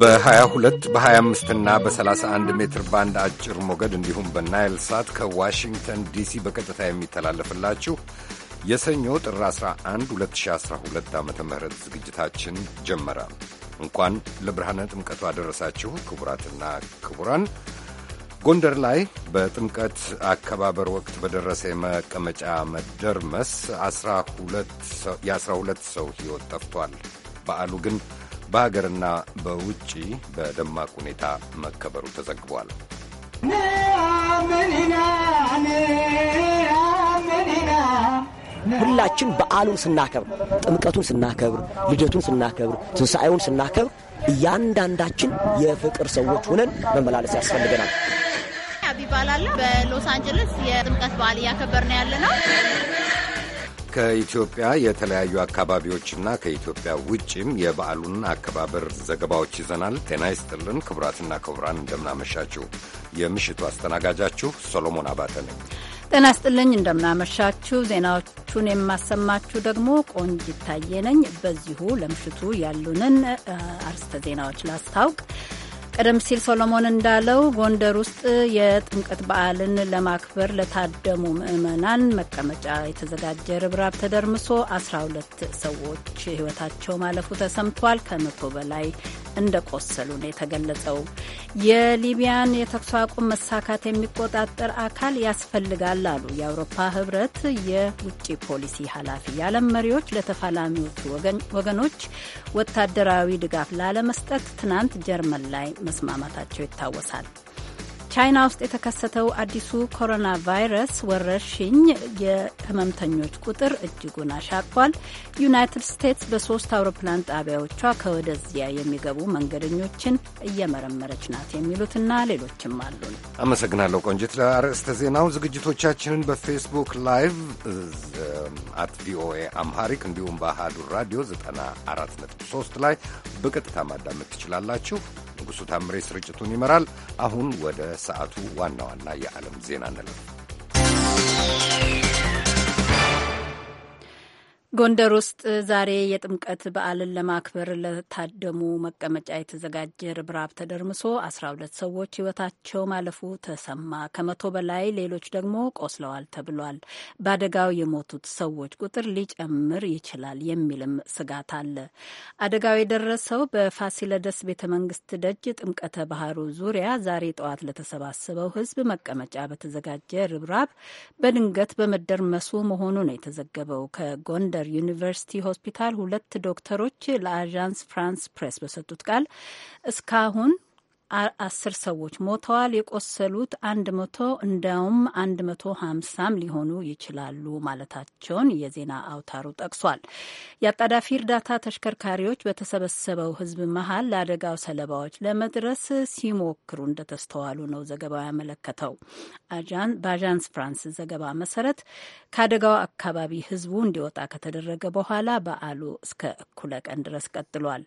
በ22 በ25 እና በ31 ሜትር ባንድ አጭር ሞገድ እንዲሁም በናይል ሳት ከዋሽንግተን ዲሲ በቀጥታ የሚተላለፍላችሁ የሰኞ ጥር 11 2012 ዓ ም ዝግጅታችን ጀመረ። እንኳን ለብርሃነ ጥምቀቱ አደረሳችሁ ክቡራትና ክቡራን። ጎንደር ላይ በጥምቀት አከባበር ወቅት በደረሰ የመቀመጫ መደርመስ የአስራ ሁለት ሰው ሕይወት ጠፍቷል። በዓሉ ግን በሀገርና በውጪ በደማቅ ሁኔታ መከበሩ ተዘግቧል። ሁላችን በዓሉን ስናከብር፣ ጥምቀቱን ስናከብር፣ ልደቱን ስናከብር፣ ትንሣኤውን ስናከብር እያንዳንዳችን የፍቅር ሰዎች ሆነን መመላለስ ያስፈልገናል። ጥበብ ይባላል። በሎስ አንጀለስ የጥምቀት በዓል ነው ያለ ነው። ከኢትዮጵያ የተለያዩ አካባቢዎችና ከኢትዮጵያ ውጭም የበዓሉን አከባበር ዘገባዎች ይዘናል። ጤና ይስጥልን ክቡራትና ክቡራን፣ እንደምናመሻችሁ። የምሽቱ አስተናጋጃችሁ ሶሎሞን አባተ ነኝ። ጤና ይስጥልኝ፣ እንደምናመሻችሁ። ዜናዎቹን የማሰማችሁ ደግሞ ቆንጅ ይታየ ነኝ። በዚሁ ለምሽቱ ያሉንን አርስተ ዜናዎች ላስታውቅ። ቀደም ሲል ሶሎሞን እንዳለው ጎንደር ውስጥ የጥምቀት በዓልን ለማክበር ለታደሙ ምዕመናን መቀመጫ የተዘጋጀ ርብራብ ተደርምሶ 12 ሰዎች ሕይወታቸው ማለፉ ተሰምቷል። ከመቶ በላይ እንደቆሰሉ ነው የተገለጸው። የሊቢያን የተኩስ አቁም መሳካት የሚቆጣጠር አካል ያስፈልጋል አሉ የአውሮፓ ሕብረት የውጭ ፖሊሲ ኃላፊ። የዓለም መሪዎች ለተፋላሚዎቹ ወገኖች ወታደራዊ ድጋፍ ላለመስጠት ትናንት ጀርመን ላይ መስማማታቸው ይታወሳል። ቻይና ውስጥ የተከሰተው አዲሱ ኮሮና ቫይረስ ወረርሽኝ የህመምተኞች ቁጥር እጅጉን አሻቋል። ዩናይትድ ስቴትስ በሶስት አውሮፕላን ጣቢያዎቿ ከወደዚያ የሚገቡ መንገደኞችን እየመረመረች ናት የሚሉትና ሌሎችም አሉን። አመሰግናለሁ ቆንጅት ለአርዕስተ ዜናው። ዝግጅቶቻችንን በፌስቡክ ላይቭ አት ቪኦኤ አምሃሪክ እንዲሁም በአሃዱ ራዲዮ 94.3 ላይ በቀጥታ ማዳመጥ ትችላላችሁ። ንጉሡ ታምሬ ስርጭቱን ይመራል። አሁን ወደ ሰዓቱ ዋና ዋና የዓለም ዜና እንለፍ። ጎንደር ውስጥ ዛሬ የጥምቀት በዓልን ለማክበር ለታደሙ መቀመጫ የተዘጋጀ ርብራብ ተደርምሶ አስራ ሁለት ሰዎች ሕይወታቸው ማለፉ ተሰማ። ከመቶ በላይ ሌሎች ደግሞ ቆስለዋል ተብሏል። በአደጋው የሞቱት ሰዎች ቁጥር ሊጨምር ይችላል የሚልም ስጋት አለ። አደጋው የደረሰው በፋሲለደስ ቤተ መንግስት ደጅ ጥምቀተ ባህሩ ዙሪያ ዛሬ ጠዋት ለተሰባሰበው ሕዝብ መቀመጫ በተዘጋጀ ርብራብ በድንገት በመደርመሱ መሆኑ ነው የተዘገበው ከጎንደር በጎንደር ዩኒቨርሲቲ ሆስፒታል ሁለት ዶክተሮች ለአዣንስ ፍራንስ ፕሬስ በሰጡት ቃል እስካሁን አስር ሰዎች ሞተዋል። የቆሰሉት አንድ መቶ እንዲያውም አንድ መቶ ሀምሳም ሊሆኑ ይችላሉ ማለታቸውን የዜና አውታሩ ጠቅሷል። የአጣዳፊ እርዳታ ተሽከርካሪዎች በተሰበሰበው ሕዝብ መሀል ለአደጋው ሰለባዎች ለመድረስ ሲሞክሩ እንደተስተዋሉ ነው ዘገባው ያመለከተው። በአዣንስ ፍራንስ ዘገባ መሰረት ከአደጋው አካባቢ ሕዝቡ እንዲወጣ ከተደረገ በኋላ በዓሉ እስከ እኩለ ቀን ድረስ ቀጥሏል።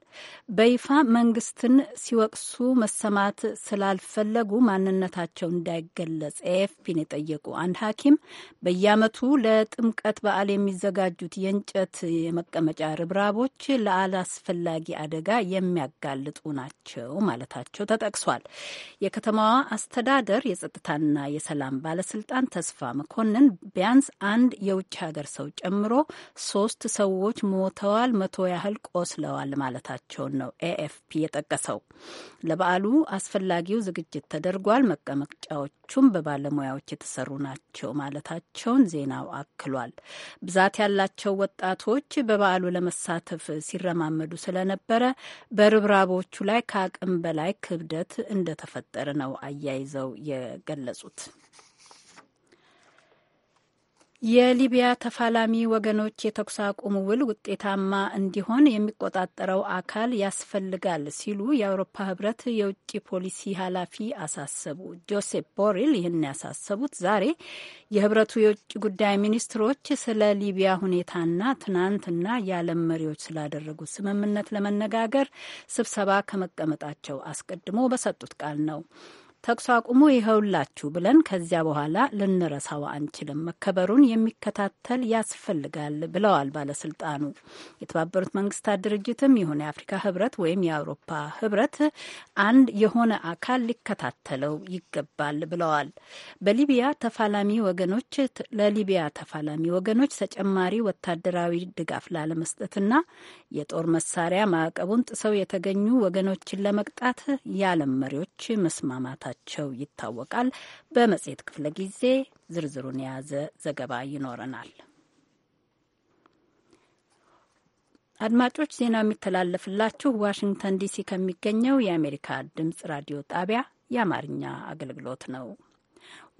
በይፋ መንግስትን ሲወቅሱ መሳ መሰማት ስላልፈለጉ ማንነታቸው እንዳይገለጽ ኤኤፍፒን የጠየቁ አንድ ሐኪም በየዓመቱ ለጥምቀት በዓል የሚዘጋጁት የእንጨት የመቀመጫ ርብራቦች ለአላስፈላጊ አደጋ የሚያጋልጡ ናቸው ማለታቸው ተጠቅሷል። የከተማዋ አስተዳደር የጸጥታና የሰላም ባለስልጣን ተስፋ መኮንን ቢያንስ አንድ የውጭ ሀገር ሰው ጨምሮ ሶስት ሰዎች ሞተዋል፣ መቶ ያህል ቆስለዋል ማለታቸውን ነው ኤኤፍፒ የጠቀሰው። ለበዓሉ አስፈላጊው ዝግጅት ተደርጓል፣ መቀመጫዎቹም በባለሙያዎች የተሰሩ ናቸው ማለታቸውን ዜናው አክሏል። ብዛት ያላቸው ወጣቶች በበዓሉ ለመሳተፍ ሲረማመዱ ስለነበረ በርብራቦቹ ላይ ከአቅም በላይ ክብደት እንደተፈጠረ ነው አያይዘው የገለጹት። የሊቢያ ተፋላሚ ወገኖች የተኩስ አቁም ውል ውጤታማ እንዲሆን የሚቆጣጠረው አካል ያስፈልጋል ሲሉ የአውሮፓ ህብረት የውጭ ፖሊሲ ኃላፊ አሳሰቡ። ጆሴፕ ቦሬል ይህን ያሳሰቡት ዛሬ የህብረቱ የውጭ ጉዳይ ሚኒስትሮች ስለ ሊቢያ ሁኔታና ትናንትና የዓለም መሪዎች ስላደረጉት ስምምነት ለመነጋገር ስብሰባ ከመቀመጣቸው አስቀድሞ በሰጡት ቃል ነው። ተኩስ አቁሙ ይኸውላችሁ ብለን ከዚያ በኋላ ልንረሳው አንችልም። መከበሩን የሚከታተል ያስፈልጋል ብለዋል ባለስልጣኑ። የተባበሩት መንግስታት ድርጅትም ይሁን የአፍሪካ ህብረት ወይም የአውሮፓ ህብረት አንድ የሆነ አካል ሊከታተለው ይገባል ብለዋል። በሊቢያ ተፋላሚ ወገኖች ለሊቢያ ተፋላሚ ወገኖች ተጨማሪ ወታደራዊ ድጋፍ ላለመስጠትና የጦር መሳሪያ ማዕቀቡን ጥሰው የተገኙ ወገኖችን ለመቅጣት የዓለም መሪዎች መስማማት መሞታቸው ይታወቃል። በመጽሔት ክፍለ ጊዜ ዝርዝሩን የያዘ ዘገባ ይኖረናል። አድማጮች ዜናው የሚተላለፍላችሁ ዋሽንግተን ዲሲ ከሚገኘው የአሜሪካ ድምፅ ራዲዮ ጣቢያ የአማርኛ አገልግሎት ነው።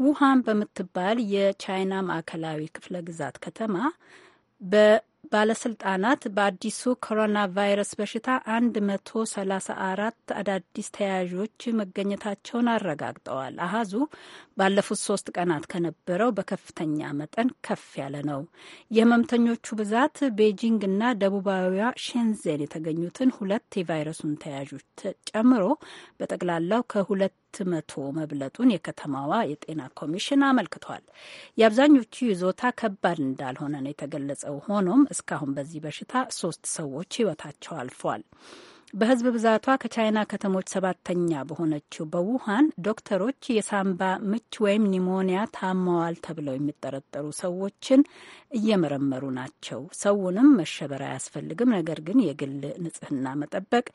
ውሃን በምትባል የቻይና ማዕከላዊ ክፍለ ግዛት ከተማ ባለስልጣናት በአዲሱ ኮሮና ቫይረስ በሽታ 134 አዳዲስ ተያያዦች መገኘታቸውን አረጋግጠዋል። አሃዙ ባለፉት ሶስት ቀናት ከነበረው በከፍተኛ መጠን ከፍ ያለ ነው። የህመምተኞቹ ብዛት ቤጂንግ ቤጂንግና ደቡባዊዋ ሼንዜን የተገኙትን ሁለት የቫይረሱን ተያያዦች ጨምሮ በጠቅላላው ከሁለት ሁለት መቶ መብለጡን የከተማዋ የጤና ኮሚሽን አመልክቷል። የአብዛኞቹ ይዞታ ከባድ እንዳልሆነ ነው የተገለጸው። ሆኖም እስካሁን በዚህ በሽታ ሶስት ሰዎች ህይወታቸው አልፏል። በህዝብ ብዛቷ ከቻይና ከተሞች ሰባተኛ በሆነችው በውሃን ዶክተሮች የሳምባ ምች ወይም ኒሞኒያ ታመዋል ተብለው የሚጠረጠሩ ሰዎችን እየመረመሩ ናቸው። ሰውንም መሸበር አያስፈልግም፣ ነገር ግን የግል ንጽህና መጠበቅ፣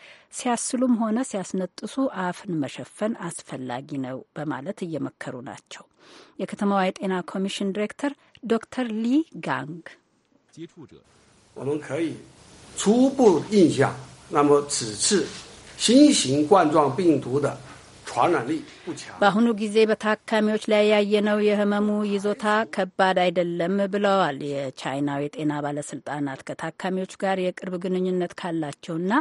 ሲያስሉም ሆነ ሲያስነጥሱ አፍን መሸፈን አስፈላጊ ነው በማለት እየመከሩ ናቸው። የከተማዋ የጤና ኮሚሽን ዲሬክተር ዶክተር ሊ ጋንግ 那么此次新型冠状病毒的传染力不强。በአሁኑ ጊዜ በታካሚዎች ላይ ያየነው የህመሙ ይዞታ ከባድ አይደለም ብለዋል የቻይናው የጤና ባለስልጣናት ከታካሚዎች ጋር የቅርብ ግንኙነት ካላቸውና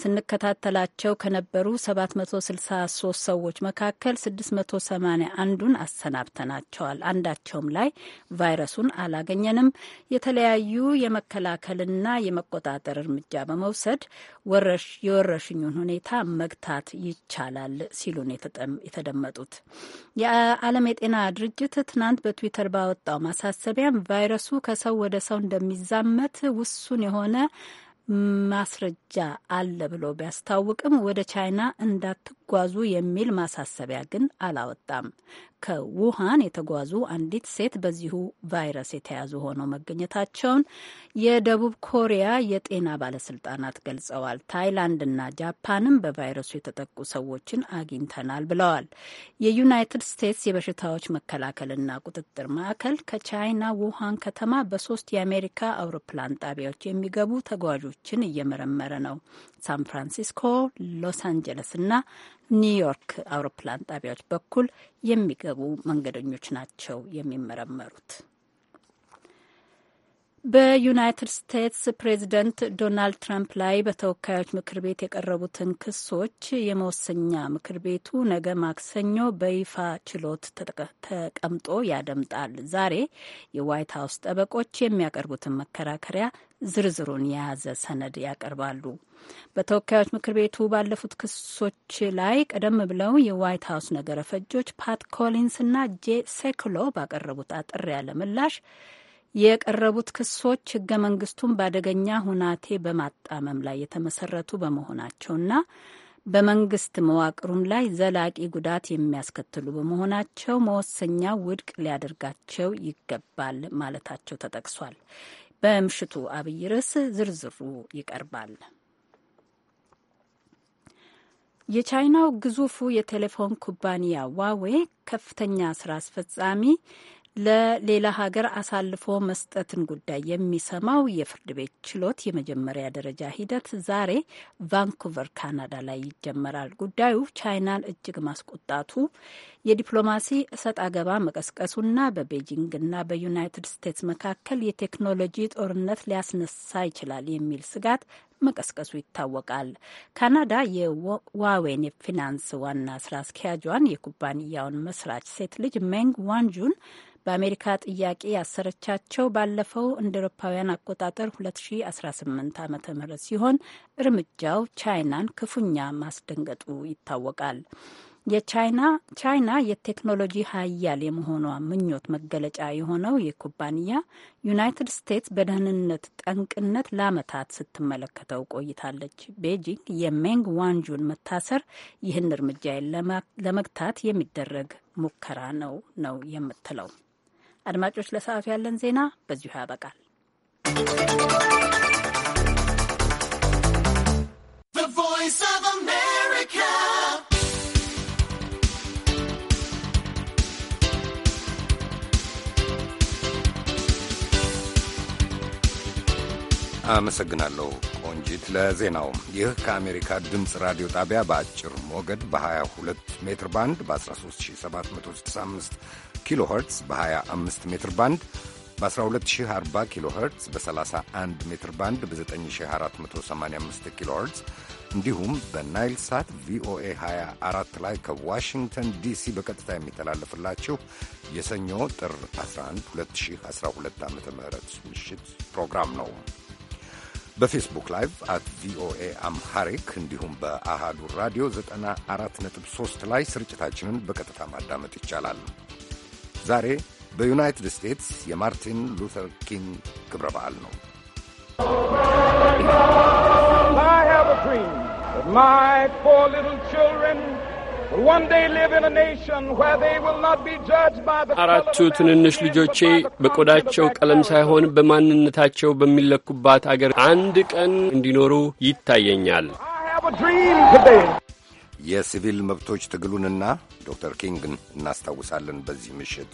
ስንከታተላቸው ከነበሩ 763 ሰዎች መካከል 681ዱን አሰናብተናቸዋል። አንዳቸውም ላይ ቫይረሱን አላገኘንም። የተለያዩ የመከላከልና የመቆጣጠር እርምጃ በመውሰድ የወረሽኙን ሁኔታ መግታት ይቻላል ሲሉን የተደመጡት የዓለም የጤና ድርጅት ትናንት በትዊተር ባወጣው ማሳሰቢያም ቫይረሱ ከሰው ወደ ሰው እንደሚዛመት ውሱን የሆነ ማስረጃ አለ ብሎ ቢያስታውቅም ወደ ቻይና እንዳት አትጓዙ የሚል ማሳሰቢያ ግን አላወጣም። ከውሃን የተጓዙ አንዲት ሴት በዚሁ ቫይረስ የተያዙ ሆነው መገኘታቸውን የደቡብ ኮሪያ የጤና ባለስልጣናት ገልጸዋል። ታይላንድና ጃፓንም በቫይረሱ የተጠቁ ሰዎችን አግኝተናል ብለዋል። የዩናይትድ ስቴትስ የበሽታዎች መከላከልና ቁጥጥር ማዕከል ከቻይና ውሃን ከተማ በሶስት የአሜሪካ አውሮፕላን ጣቢያዎች የሚገቡ ተጓዦችን እየመረመረ ነው። ሳን ፍራንሲስኮ፣ ሎስ አንጀለስ እና ኒውዮርክ አውሮፕላን ጣቢያዎች በኩል የሚገቡ መንገደኞች ናቸው የሚመረመሩት። በዩናይትድ ስቴትስ ፕሬዚደንት ዶናልድ ትራምፕ ላይ በተወካዮች ምክር ቤት የቀረቡትን ክሶች የመወሰኛ ምክር ቤቱ ነገ ማክሰኞ በይፋ ችሎት ተቀምጦ ያደምጣል። ዛሬ የዋይት ሀውስ ጠበቆች የሚያቀርቡትን መከራከሪያ ዝርዝሩን የያዘ ሰነድ ያቀርባሉ። በተወካዮች ምክር ቤቱ ባለፉት ክሶች ላይ ቀደም ብለው የዋይት ሀውስ ነገረ ፈጆች ፓት ኮሊንስ እና ጄ ሴክሎ ባቀረቡት አጠር ያለ ምላሽ የቀረቡት ክሶች ህገ መንግስቱን በአደገኛ ሁናቴ በማጣመም ላይ የተመሰረቱ በመሆናቸውና በመንግስት መዋቅሩም ላይ ዘላቂ ጉዳት የሚያስከትሉ በመሆናቸው መወሰኛ ውድቅ ሊያደርጋቸው ይገባል ማለታቸው ተጠቅሷል። በምሽቱ አብይ ርዕስ ዝርዝሩ ይቀርባል። የቻይናው ግዙፉ የቴሌፎን ኩባንያ ዋዌ ከፍተኛ ስራ አስፈጻሚ ለሌላ ሀገር አሳልፎ መስጠትን ጉዳይ የሚሰማው የፍርድ ቤት ችሎት የመጀመሪያ ደረጃ ሂደት ዛሬ ቫንኩቨር ካናዳ ላይ ይጀመራል። ጉዳዩ ቻይናን እጅግ ማስቆጣቱ፣ የዲፕሎማሲ እሰጥ አገባ መቀስቀሱና በቤጂንግና በዩናይትድ ስቴትስ መካከል የቴክኖሎጂ ጦርነት ሊያስነሳ ይችላል የሚል ስጋት መቀስቀሱ ይታወቃል። ካናዳ የዋዌን ፊናንስ ዋና ስራ አስኪያጇን የኩባንያውን መስራች ሴት ልጅ ሜንግ ዋንጁን በአሜሪካ ጥያቄ ያሰረቻቸው ባለፈው እንደ ኤሮፓውያን አቆጣጠር 2018 ዓ ም ሲሆን እርምጃው ቻይናን ክፉኛ ማስደንገጡ ይታወቃል። የቻይና ቻይና የቴክኖሎጂ ሀያል የመሆኗ ምኞት መገለጫ የሆነው ይህ ኩባንያ ዩናይትድ ስቴትስ በደህንነት ጠንቅነት ለአመታት ስትመለከተው ቆይታለች። ቤጂንግ የሜንግ ዋንጁን መታሰር ይህን እርምጃ ለመግታት የሚደረግ ሙከራ ነው ነው የምትለው። አድማጮች፣ ለሰዓቱ ያለን ዜና በዚሁ ያበቃል። አመሰግናለሁ ቆንጂት ለዜናው። ይህ ከአሜሪካ ድምፅ ራዲዮ ጣቢያ በአጭር ሞገድ በ22 ሜትር ባንድ በ13765 ኪሎ ኸርትዝ በ25 ሜትር ባንድ በ1240 ኪሎ ኸርትዝ በ31 ሜትር ባንድ በ9485 ኪሎ ኸርትዝ እንዲሁም በናይል ሳት ቪኦኤ 24 ላይ ከዋሽንግተን ዲሲ በቀጥታ የሚተላለፍላችሁ የሰኞ ጥር 11 2012 ዓ ም ምሽት ፕሮግራም ነው። በፌስቡክ ላይቭ አት ቪኦኤ አምሃሪክ እንዲሁም በአሃዱ ራዲዮ 94.3 ላይ ስርጭታችንን በቀጥታ ማዳመጥ ይቻላል። ዛሬ በዩናይትድ ስቴትስ የማርቲን ሉተር ኪንግ ክብረ በዓል ነው። my four little children አራቱ ትንንሽ ልጆቼ በቆዳቸው ቀለም ሳይሆን በማንነታቸው በሚለኩባት አገር አንድ ቀን እንዲኖሩ ይታየኛል። የሲቪል መብቶች ትግሉንና ዶክተር ኪንግን እናስታውሳለን። በዚህ ምሽት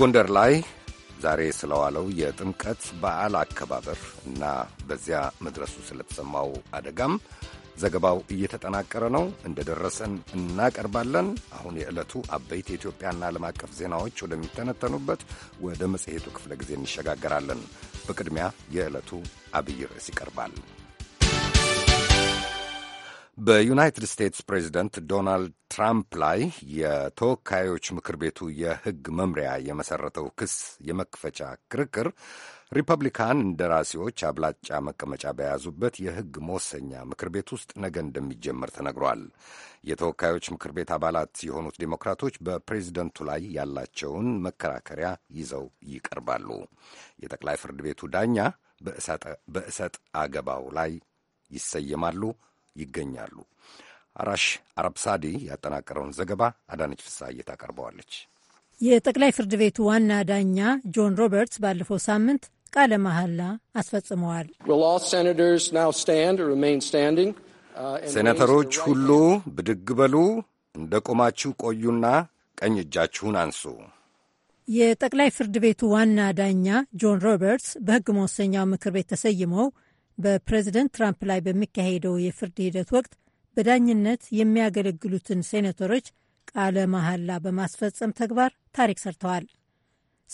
ጎንደር ላይ ዛሬ ስለዋለው የጥምቀት በዓል አከባበር እና በዚያ መድረሱ ስለተሰማው አደጋም ዘገባው እየተጠናቀረ ነው፣ እንደደረሰን እናቀርባለን። አሁን የዕለቱ አበይት የኢትዮጵያና ዓለም አቀፍ ዜናዎች ወደሚተነተኑበት ወደ መጽሔቱ ክፍለ ጊዜ እንሸጋገራለን። በቅድሚያ የዕለቱ አብይ ርዕስ ይቀርባል። በዩናይትድ ስቴትስ ፕሬዚደንት ዶናልድ ትራምፕ ላይ የተወካዮች ምክር ቤቱ የሕግ መምሪያ የመሠረተው ክስ የመክፈቻ ክርክር ሪፐብሊካን እንደራሴዎች አብላጫ መቀመጫ በያዙበት የሕግ መወሰኛ ምክር ቤት ውስጥ ነገ እንደሚጀመር ተነግሯል። የተወካዮች ምክር ቤት አባላት የሆኑት ዴሞክራቶች በፕሬዝደንቱ ላይ ያላቸውን መከራከሪያ ይዘው ይቀርባሉ። የጠቅላይ ፍርድ ቤቱ ዳኛ በእሰጥ አገባው ላይ ይሰየማሉ፣ ይገኛሉ። አራሽ አረብሳዲ ያጠናቀረውን ዘገባ አዳነች ፍሳ ታቀርበዋለች። የጠቅላይ ፍርድ ቤቱ ዋና ዳኛ ጆን ሮበርትስ ባለፈው ሳምንት ቃለ መሐላ አስፈጽመዋል። ሴኔተሮች ሁሉ ብድግ በሉ፣ እንደ ቆማችሁ ቆዩና ቀኝ እጃችሁን አንሱ። የጠቅላይ ፍርድ ቤቱ ዋና ዳኛ ጆን ሮበርትስ በሕግ መወሰኛው ምክር ቤት ተሰይመው በፕሬዚደንት ትራምፕ ላይ በሚካሄደው የፍርድ ሂደት ወቅት በዳኝነት የሚያገለግሉትን ሴኔተሮች ቃለ መሐላ በማስፈጸም ተግባር ታሪክ ሰርተዋል።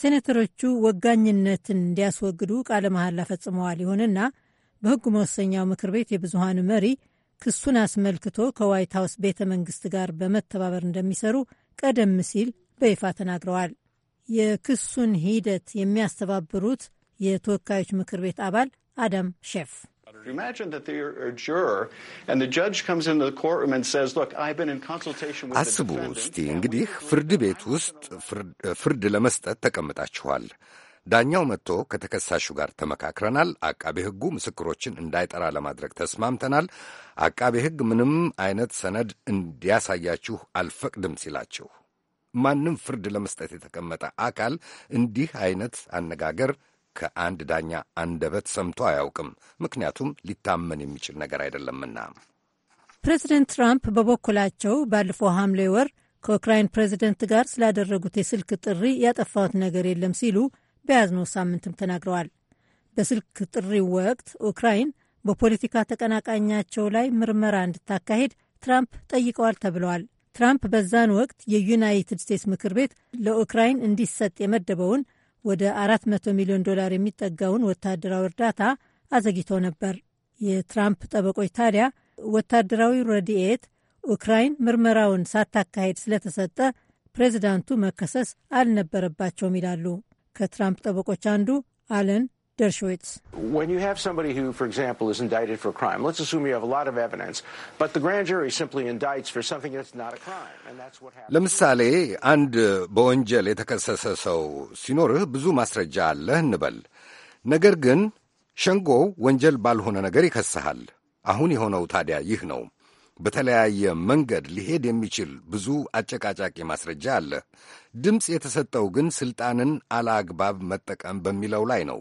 ሴኔተሮቹ ወጋኝነትን እንዲያስወግዱ ቃለ መሐላ ፈጽመዋል። ይሁንና በሕጉ መወሰኛው ምክር ቤት የብዙሃኑ መሪ ክሱን አስመልክቶ ከዋይት ሀውስ ቤተ መንግስት ጋር በመተባበር እንደሚሰሩ ቀደም ሲል በይፋ ተናግረዋል። የክሱን ሂደት የሚያስተባብሩት የተወካዮች ምክር ቤት አባል አዳም ሼፍ አስቡ እስቲ እንግዲህ ፍርድ ቤት ውስጥ ፍርድ ለመስጠት ተቀምጣችኋል። ዳኛው መጥቶ ከተከሳሹ ጋር ተመካክረናል፣ አቃቤ ሕጉ ምስክሮችን እንዳይጠራ ለማድረግ ተስማምተናል፣ አቃቤ ሕግ ምንም አይነት ሰነድ እንዲያሳያችሁ አልፈቅድም ሲላችሁ ማንም ፍርድ ለመስጠት የተቀመጠ አካል እንዲህ አይነት አነጋገር ከአንድ ዳኛ አንደበት ሰምቶ አያውቅም። ምክንያቱም ሊታመን የሚችል ነገር አይደለምና። ፕሬዚደንት ትራምፕ በበኩላቸው ባለፈው ሐምሌ ወር ከዩክራይን ፕሬዚደንት ጋር ስላደረጉት የስልክ ጥሪ ያጠፋሁት ነገር የለም ሲሉ በያዝነው ሳምንትም ተናግረዋል። በስልክ ጥሪው ወቅት ዩክራይን በፖለቲካ ተቀናቃኛቸው ላይ ምርመራ እንድታካሄድ ትራምፕ ጠይቀዋል ተብለዋል። ትራምፕ በዛን ወቅት የዩናይትድ ስቴትስ ምክር ቤት ለኡክራይን እንዲሰጥ የመደበውን ወደ 400 ሚሊዮን ዶላር የሚጠጋውን ወታደራዊ እርዳታ አዘግይቶ ነበር። የትራምፕ ጠበቆች ታዲያ ወታደራዊ ረድኤት ኡክራይን ምርመራውን ሳታካሄድ ስለተሰጠ ፕሬዚዳንቱ መከሰስ አልነበረባቸውም ይላሉ። ከትራምፕ ጠበቆች አንዱ አለን Dershowitz. When you have somebody who, for example, is indicted for a crime, let's assume you have a lot of evidence, but the grand jury simply indicts for something that's not a crime, and that's what happens. ለምሳሌ አንድ በወንጀል የተከሰሰ ሰው ሲኖርህ ብዙ ማስረጃ አለህ እንበል። ነገር ግን ሸንጎው ወንጀል ባልሆነ ነገር ይከስሃል። አሁን የሆነው ታዲያ ይህ ነው። በተለያየ መንገድ ሊሄድ የሚችል ብዙ አጨቃጫቂ ማስረጃ አለ። ድምፅ የተሰጠው ግን ሥልጣንን አላአግባብ መጠቀም በሚለው ላይ ነው።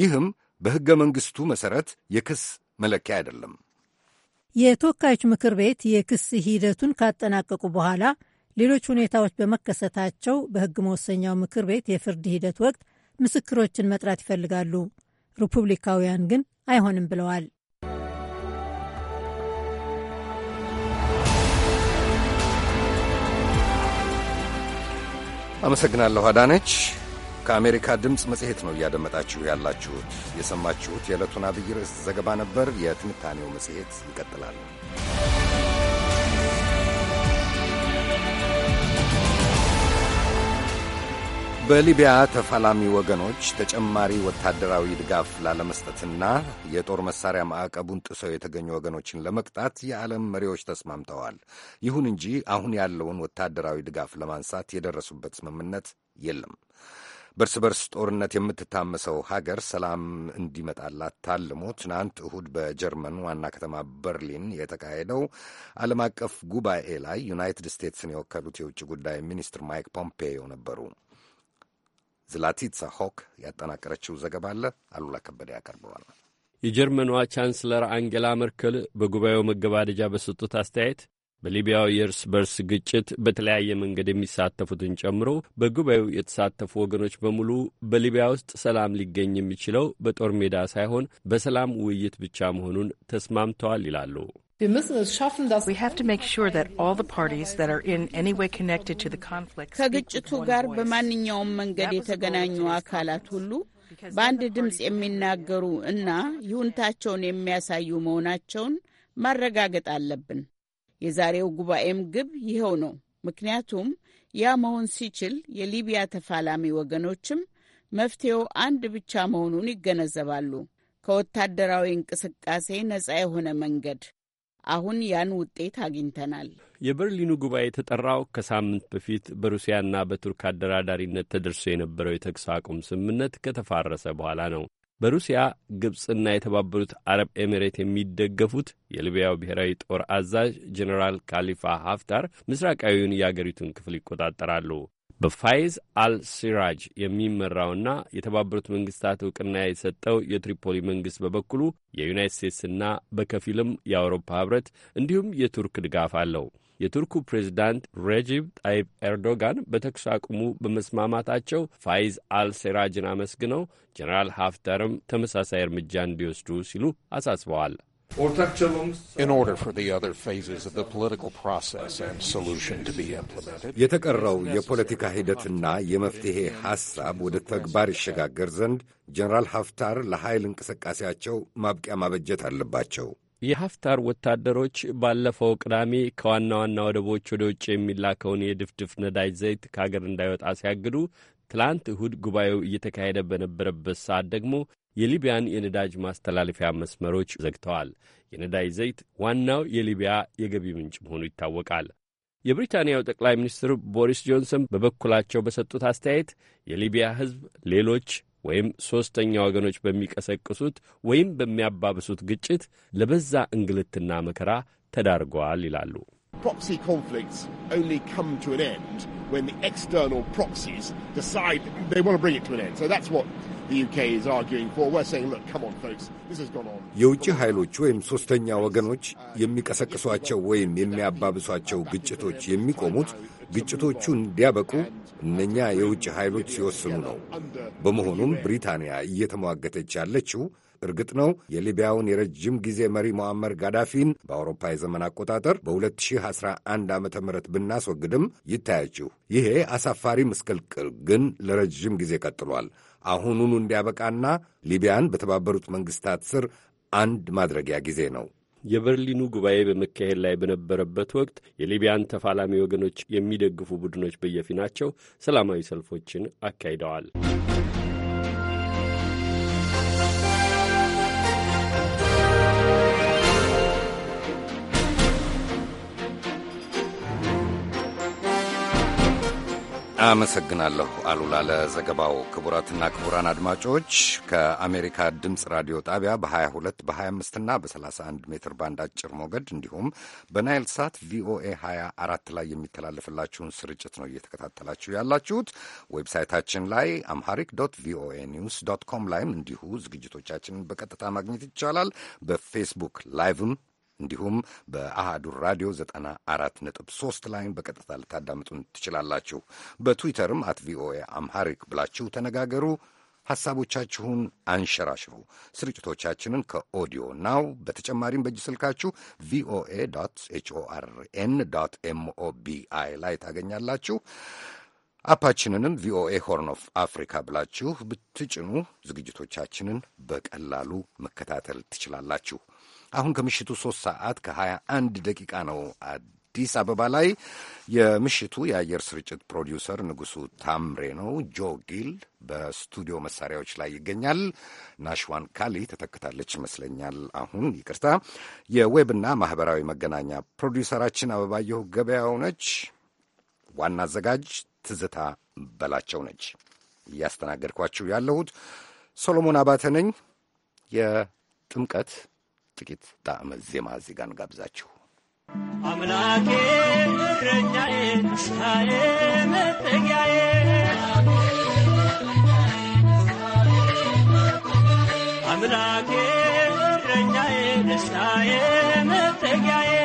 ይህም በሕገ መንግሥቱ መሠረት የክስ መለኪያ አይደለም። የተወካዮች ምክር ቤት የክስ ሂደቱን ካጠናቀቁ በኋላ ሌሎች ሁኔታዎች በመከሰታቸው በሕግ መወሰኛው ምክር ቤት የፍርድ ሂደት ወቅት ምስክሮችን መጥራት ይፈልጋሉ። ሪፑብሊካውያን ግን አይሆንም ብለዋል። አመሰግናለሁ አዳነች። ከአሜሪካ ድምፅ መጽሔት ነው እያደመጣችሁ ያላችሁት። የሰማችሁት የዕለቱን አብይ ርዕስ ዘገባ ነበር። የትንታኔው መጽሔት ይቀጥላል። በሊቢያ ተፋላሚ ወገኖች ተጨማሪ ወታደራዊ ድጋፍ ላለመስጠትና የጦር መሳሪያ ማዕቀቡን ጥሰው የተገኙ ወገኖችን ለመቅጣት የዓለም መሪዎች ተስማምተዋል። ይሁን እንጂ አሁን ያለውን ወታደራዊ ድጋፍ ለማንሳት የደረሱበት ስምምነት የለም። በርስ በርስ ጦርነት የምትታመሰው ሀገር ሰላም እንዲመጣላት ታልሞ ትናንት እሁድ በጀርመን ዋና ከተማ በርሊን የተካሄደው ዓለም አቀፍ ጉባኤ ላይ ዩናይትድ ስቴትስን የወከሉት የውጭ ጉዳይ ሚኒስትር ማይክ ፖምፔዮ ነበሩ። ዝላቲትሳ ሆክ ያጠናቀረችው ዘገባ አለ አሉላ ከበደ ያቀርበዋል። የጀርመኗ ቻንስለር አንጌላ መርከል በጉባኤው መገባደጃ በሰጡት አስተያየት በሊቢያው የእርስ በርስ ግጭት በተለያየ መንገድ የሚሳተፉትን ጨምሮ በጉባኤው የተሳተፉ ወገኖች በሙሉ በሊቢያ ውስጥ ሰላም ሊገኝ የሚችለው በጦር ሜዳ ሳይሆን በሰላም ውይይት ብቻ መሆኑን ተስማምተዋል ይላሉ። ከግጭቱ ጋር በማንኛውም መንገድ የተገናኙ አካላት ሁሉ በአንድ ድምፅ የሚናገሩ እና ይሁንታቸውን የሚያሳዩ መሆናቸውን ማረጋገጥ አለብን። የዛሬው ጉባኤም ግብ ይኸው ነው። ምክንያቱም ያ መሆን ሲችል የሊቢያ ተፋላሚ ወገኖችም መፍትሄው አንድ ብቻ መሆኑን ይገነዘባሉ። ከወታደራዊ እንቅስቃሴ ነጻ የሆነ መንገድ አሁን ያን ውጤት አግኝተናል። የበርሊኑ ጉባኤ የተጠራው ከሳምንት በፊት በሩሲያና በቱርክ አደራዳሪነት ተደርሶ የነበረው የተኩስ አቁም ስምምነት ከተፋረሰ በኋላ ነው። በሩሲያ ግብፅና የተባበሩት አረብ ኤሚሬት የሚደገፉት የሊቢያው ብሔራዊ ጦር አዛዥ ጄኔራል ካሊፋ ሀፍታር ምስራቃዊውን የአገሪቱን ክፍል ይቆጣጠራሉ። በፋይዝ አልሲራጅ የሚመራውና የተባበሩት መንግስታት እውቅና የሰጠው የትሪፖሊ መንግስት በበኩሉ የዩናይት ስቴትስና በከፊልም የአውሮፓ ህብረት እንዲሁም የቱርክ ድጋፍ አለው። የቱርኩ ፕሬዚዳንት ሬጂብ ጣይብ ኤርዶጋን በተኩስ አቁሙ በመስማማታቸው ፋይዝ አልሴራጅን አመስግነው ጀኔራል ሀፍተርም ተመሳሳይ እርምጃ እንዲወስዱ ሲሉ አሳስበዋል። የተቀረው የፖለቲካ ሂደትና የመፍትሔ ሐሳብ ወደ ተግባር ይሸጋገር ዘንድ ጀነራል ሀፍታር ለኃይል እንቅስቃሴያቸው ማብቂያ ማበጀት አለባቸው። የሀፍታር ወታደሮች ባለፈው ቅዳሜ ከዋና ዋና ወደቦች ወደ ውጭ የሚላከውን የድፍድፍ ነዳጅ ዘይት ከአገር እንዳይወጣ ሲያግዱ፣ ትላንት እሁድ ጉባኤው እየተካሄደ በነበረበት ሰዓት ደግሞ የሊቢያን የነዳጅ ማስተላለፊያ መስመሮች ዘግተዋል። የነዳጅ ዘይት ዋናው የሊቢያ የገቢ ምንጭ መሆኑ ይታወቃል። የብሪታንያው ጠቅላይ ሚኒስትር ቦሪስ ጆንሰን በበኩላቸው በሰጡት አስተያየት የሊቢያ ሕዝብ ሌሎች ወይም ሦስተኛ ወገኖች በሚቀሰቅሱት ወይም በሚያባብሱት ግጭት ለበዛ እንግልትና መከራ ተዳርገዋል ይላሉ። የውጭ ኃይሎች ወይም ሦስተኛ ወገኖች የሚቀሰቅሷቸው ወይም የሚያባብሷቸው ግጭቶች የሚቆሙት ግጭቶቹ እንዲያበቁ እነኛ የውጭ ኃይሎች ሲወስኑ ነው። በመሆኑም ብሪታንያ እየተሟገተች ያለችው እርግጥ ነው የሊቢያውን የረጅም ጊዜ መሪ ሞአመር ጋዳፊን በአውሮፓ የዘመን አቆጣጠር በ2011 ዓ ም ብናስወግድም ይታያችሁ፣ ይሄ አሳፋሪ ምስቅልቅል ግን ለረጅም ጊዜ ቀጥሏል። አሁኑኑ እንዲያበቃና ሊቢያን በተባበሩት መንግስታት ስር አንድ ማድረጊያ ጊዜ ነው። የበርሊኑ ጉባኤ በመካሄድ ላይ በነበረበት ወቅት የሊቢያን ተፋላሚ ወገኖች የሚደግፉ ቡድኖች በየፊናቸው ሰላማዊ ሰልፎችን አካሂደዋል። አመሰግናለሁ አሉላ ለዘገባው። ክቡራትና ክቡራን አድማጮች ከአሜሪካ ድምፅ ራዲዮ ጣቢያ በ22 በ25 እና በ31 ሜትር ባንድ አጭር ሞገድ እንዲሁም በናይል ሳት ቪኦኤ 24 ላይ የሚተላለፍላችሁን ስርጭት ነው እየተከታተላችሁ ያላችሁት። ዌብሳይታችን ላይ አምሃሪክ ዶት ቪኦኤ ኒውስ ዶት ኮም ላይም እንዲሁ ዝግጅቶቻችንን በቀጥታ ማግኘት ይቻላል። በፌስቡክ ላይቭም እንዲሁም በአሃዱ ራዲዮ 94.3 ላይም በቀጥታ ልታዳምጡን ትችላላችሁ። በትዊተርም አት ቪኦኤ አምሃሪክ ብላችሁ ተነጋገሩ። ሐሳቦቻችሁን አንሸራሽሩ። ስርጭቶቻችንን ከኦዲዮ ናው በተጨማሪም በእጅ ስልካችሁ ቪኦኤ ኤችኦአርኤን ኤምኦቢአይ ላይ ታገኛላችሁ። አፓችንንም ቪኦኤ ሆርን ኦፍ አፍሪካ ብላችሁ ብትጭኑ ዝግጅቶቻችንን በቀላሉ መከታተል ትችላላችሁ። አሁን ከምሽቱ ሶስት ሰዓት ከ21 ደቂቃ ነው። አዲስ አበባ ላይ የምሽቱ የአየር ስርጭት ፕሮዲውሰር ንጉሱ ታምሬ ነው። ጆ ጊል በስቱዲዮ መሳሪያዎች ላይ ይገኛል። ናሽዋን ካሊ ተተክታለች ይመስለኛል። አሁን ይቅርታ። የዌብና ማህበራዊ መገናኛ ፕሮዲውሰራችን አበባየሁ ገበያው ነች። ዋና አዘጋጅ ትዝታ በላቸው ነች። እያስተናገድኳችሁ ያለሁት ሶሎሞን አባተ ነኝ። የጥምቀት ጥቂት ጣዕመ ዜማ ዚጋን ጋብዛችሁ አምላኬ እረኛዬ ተስፋዬ መጠጊያዬ አምላኬ እረኛዬ ደስታዬ መጠጊያዬ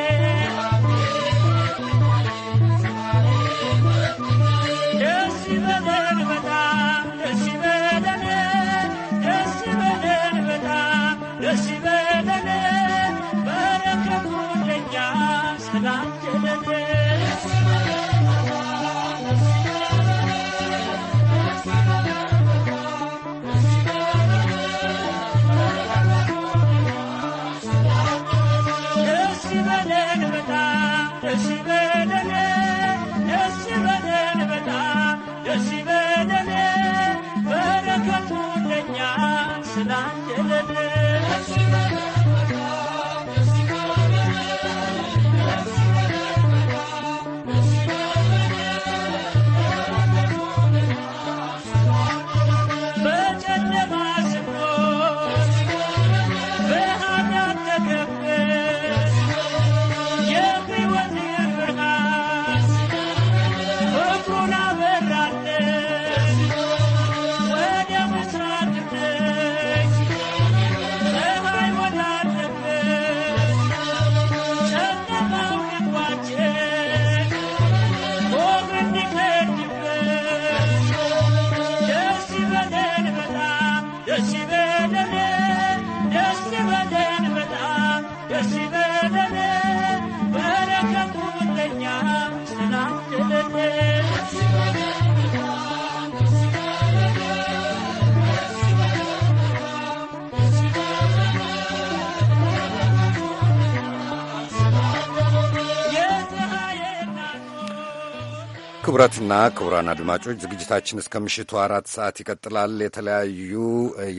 ክቡራትና ክቡራን አድማጮች ዝግጅታችን እስከ ምሽቱ አራት ሰዓት ይቀጥላል። የተለያዩ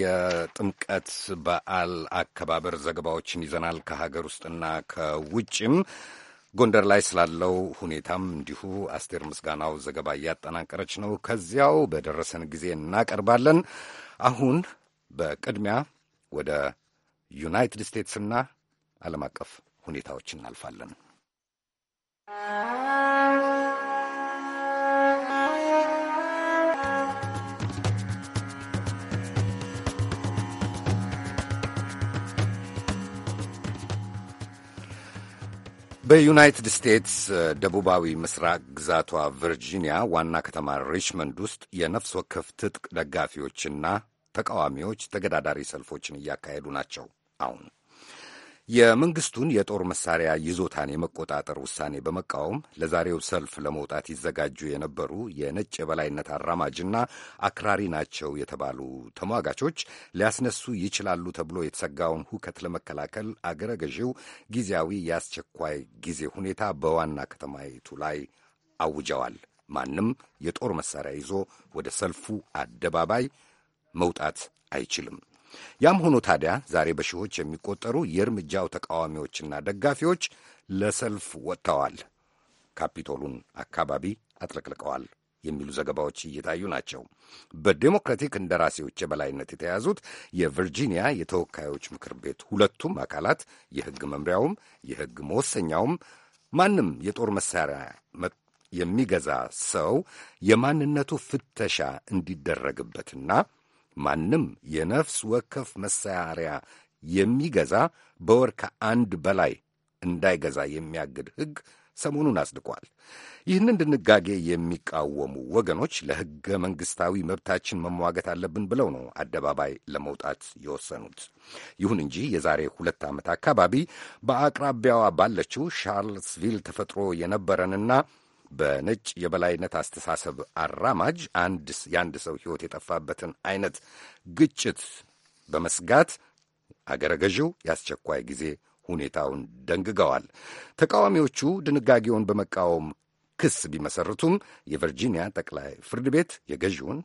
የጥምቀት በዓል አከባበር ዘገባዎችን ይዘናል ከሀገር ውስጥና ከውጭም። ጎንደር ላይ ስላለው ሁኔታም እንዲሁ አስቴር ምስጋናው ዘገባ እያጠናቀረች ነው። ከዚያው በደረሰን ጊዜ እናቀርባለን። አሁን በቅድሚያ ወደ ዩናይትድ ስቴትስና ዓለም አቀፍ ሁኔታዎች እናልፋለን። በዩናይትድ ስቴትስ ደቡባዊ ምስራቅ ግዛቷ ቨርጂኒያ ዋና ከተማ ሪችመንድ ውስጥ የነፍስ ወከፍ ትጥቅ ደጋፊዎችና ተቃዋሚዎች ተገዳዳሪ ሰልፎችን እያካሄዱ ናቸው አሁን የመንግስቱን የጦር መሳሪያ ይዞታን የመቆጣጠር ውሳኔ በመቃወም ለዛሬው ሰልፍ ለመውጣት ይዘጋጁ የነበሩ የነጭ የበላይነት አራማጅና አክራሪ ናቸው የተባሉ ተሟጋቾች ሊያስነሱ ይችላሉ ተብሎ የተሰጋውን ሁከት ለመከላከል አገረ ገዢው ጊዜያዊ የአስቸኳይ ጊዜ ሁኔታ በዋና ከተማይቱ ላይ አውጀዋል። ማንም የጦር መሳሪያ ይዞ ወደ ሰልፉ አደባባይ መውጣት አይችልም። ያም ሆኖ ታዲያ ዛሬ በሺዎች የሚቆጠሩ የእርምጃው ተቃዋሚዎችና ደጋፊዎች ለሰልፍ ወጥተዋል፣ ካፒቶሉን አካባቢ አጥለቅልቀዋል የሚሉ ዘገባዎች እየታዩ ናቸው። በዴሞክራቲክ እንደራሴዎች የበላይነት የተያዙት የቨርጂኒያ የተወካዮች ምክር ቤት ሁለቱም አካላት የሕግ መምሪያውም የሕግ መወሰኛውም ማንም የጦር መሳሪያ የሚገዛ ሰው የማንነቱ ፍተሻ እንዲደረግበትና ማንም የነፍስ ወከፍ መሳሪያ የሚገዛ በወር ከአንድ በላይ እንዳይገዛ የሚያግድ ሕግ ሰሞኑን አጽድቋል። ይህንን ድንጋጌ የሚቃወሙ ወገኖች ለሕገ መንግሥታዊ መብታችን መሟገት አለብን ብለው ነው አደባባይ ለመውጣት የወሰኑት። ይሁን እንጂ የዛሬ ሁለት ዓመት አካባቢ በአቅራቢያዋ ባለችው ሻርልስቪል ተፈጥሮ የነበረንና በነጭ የበላይነት አስተሳሰብ አራማጅ አንድ የአንድ ሰው ሕይወት የጠፋበትን አይነት ግጭት በመስጋት አገረ ገዢው የአስቸኳይ ጊዜ ሁኔታውን ደንግገዋል። ተቃዋሚዎቹ ድንጋጌውን በመቃወም ክስ ቢመሰርቱም የቨርጂኒያ ጠቅላይ ፍርድ ቤት የገዢውን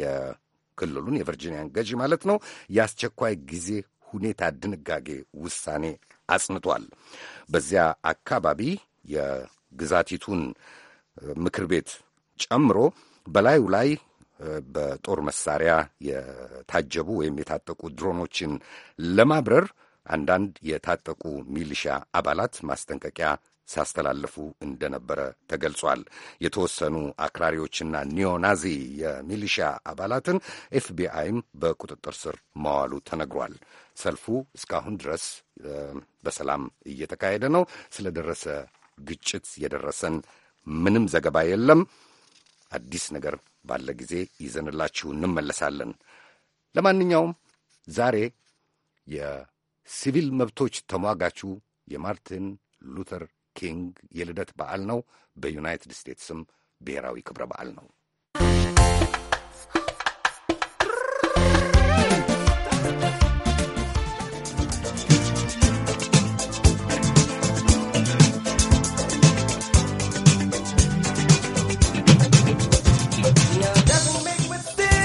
የክልሉን የቨርጂኒያን ገዢ ማለት ነው የአስቸኳይ ጊዜ ሁኔታ ድንጋጌ ውሳኔ አጽንቷል። በዚያ አካባቢ ግዛቲቱን ምክር ቤት ጨምሮ በላዩ ላይ በጦር መሳሪያ የታጀቡ ወይም የታጠቁ ድሮኖችን ለማብረር አንዳንድ የታጠቁ ሚሊሻ አባላት ማስጠንቀቂያ ሲያስተላልፉ እንደነበረ ተገልጿል። የተወሰኑ አክራሪዎችና ኒዮናዚ የሚሊሻ አባላትን ኤፍቢአይም በቁጥጥር ስር ማዋሉ ተነግሯል። ሰልፉ እስካሁን ድረስ በሰላም እየተካሄደ ነው። ስለደረሰ ግጭት የደረሰን ምንም ዘገባ የለም። አዲስ ነገር ባለ ጊዜ ይዘንላችሁ እንመለሳለን። ለማንኛውም ዛሬ የሲቪል መብቶች ተሟጋቹ የማርቲን ሉተር ኪንግ የልደት በዓል ነው። በዩናይትድ ስቴትስም ብሔራዊ ክብረ በዓል ነው።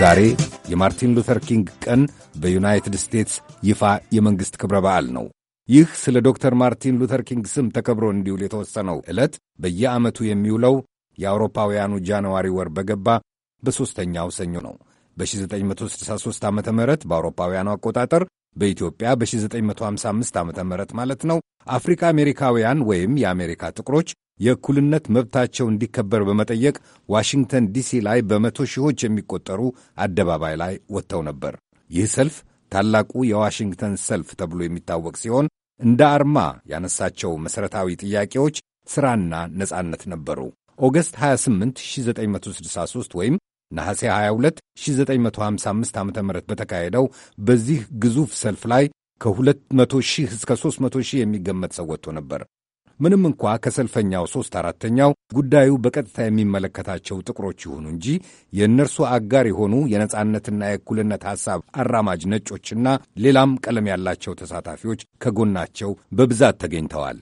ዛሬ የማርቲን ሉተር ኪንግ ቀን በዩናይትድ ስቴትስ ይፋ የመንግሥት ክብረ በዓል ነው። ይህ ስለ ዶክተር ማርቲን ሉተር ኪንግ ስም ተከብሮ እንዲውል የተወሰነው ዕለት በየዓመቱ የሚውለው የአውሮፓውያኑ ጃንዋሪ ወር በገባ በሦስተኛው ሰኞ ነው። በ1963 ዓ ም በአውሮፓውያኑ አቆጣጠር በኢትዮጵያ በ1955 ዓ ም ማለት ነው። አፍሪካ አሜሪካውያን ወይም የአሜሪካ ጥቁሮች የእኩልነት መብታቸው እንዲከበር በመጠየቅ ዋሽንግተን ዲሲ ላይ በመቶ ሺዎች የሚቆጠሩ አደባባይ ላይ ወጥተው ነበር። ይህ ሰልፍ ታላቁ የዋሽንግተን ሰልፍ ተብሎ የሚታወቅ ሲሆን እንደ አርማ ያነሳቸው መሠረታዊ ጥያቄዎች ሥራና ነጻነት ነበሩ። ኦገስት 28 1963 ወይም ነሐሴ 22 1955 ዓ ም በተካሄደው በዚህ ግዙፍ ሰልፍ ላይ ከ200 ሺህ እስከ 300 ሺህ የሚገመት ሰው ወጥቶ ነበር። ምንም እንኳ ከሰልፈኛው ሦስት አራተኛው ጉዳዩ በቀጥታ የሚመለከታቸው ጥቁሮች ይሁኑ እንጂ የእነርሱ አጋር የሆኑ የነጻነትና የእኩልነት ሐሳብ አራማጅ ነጮችና ሌላም ቀለም ያላቸው ተሳታፊዎች ከጎናቸው በብዛት ተገኝተዋል።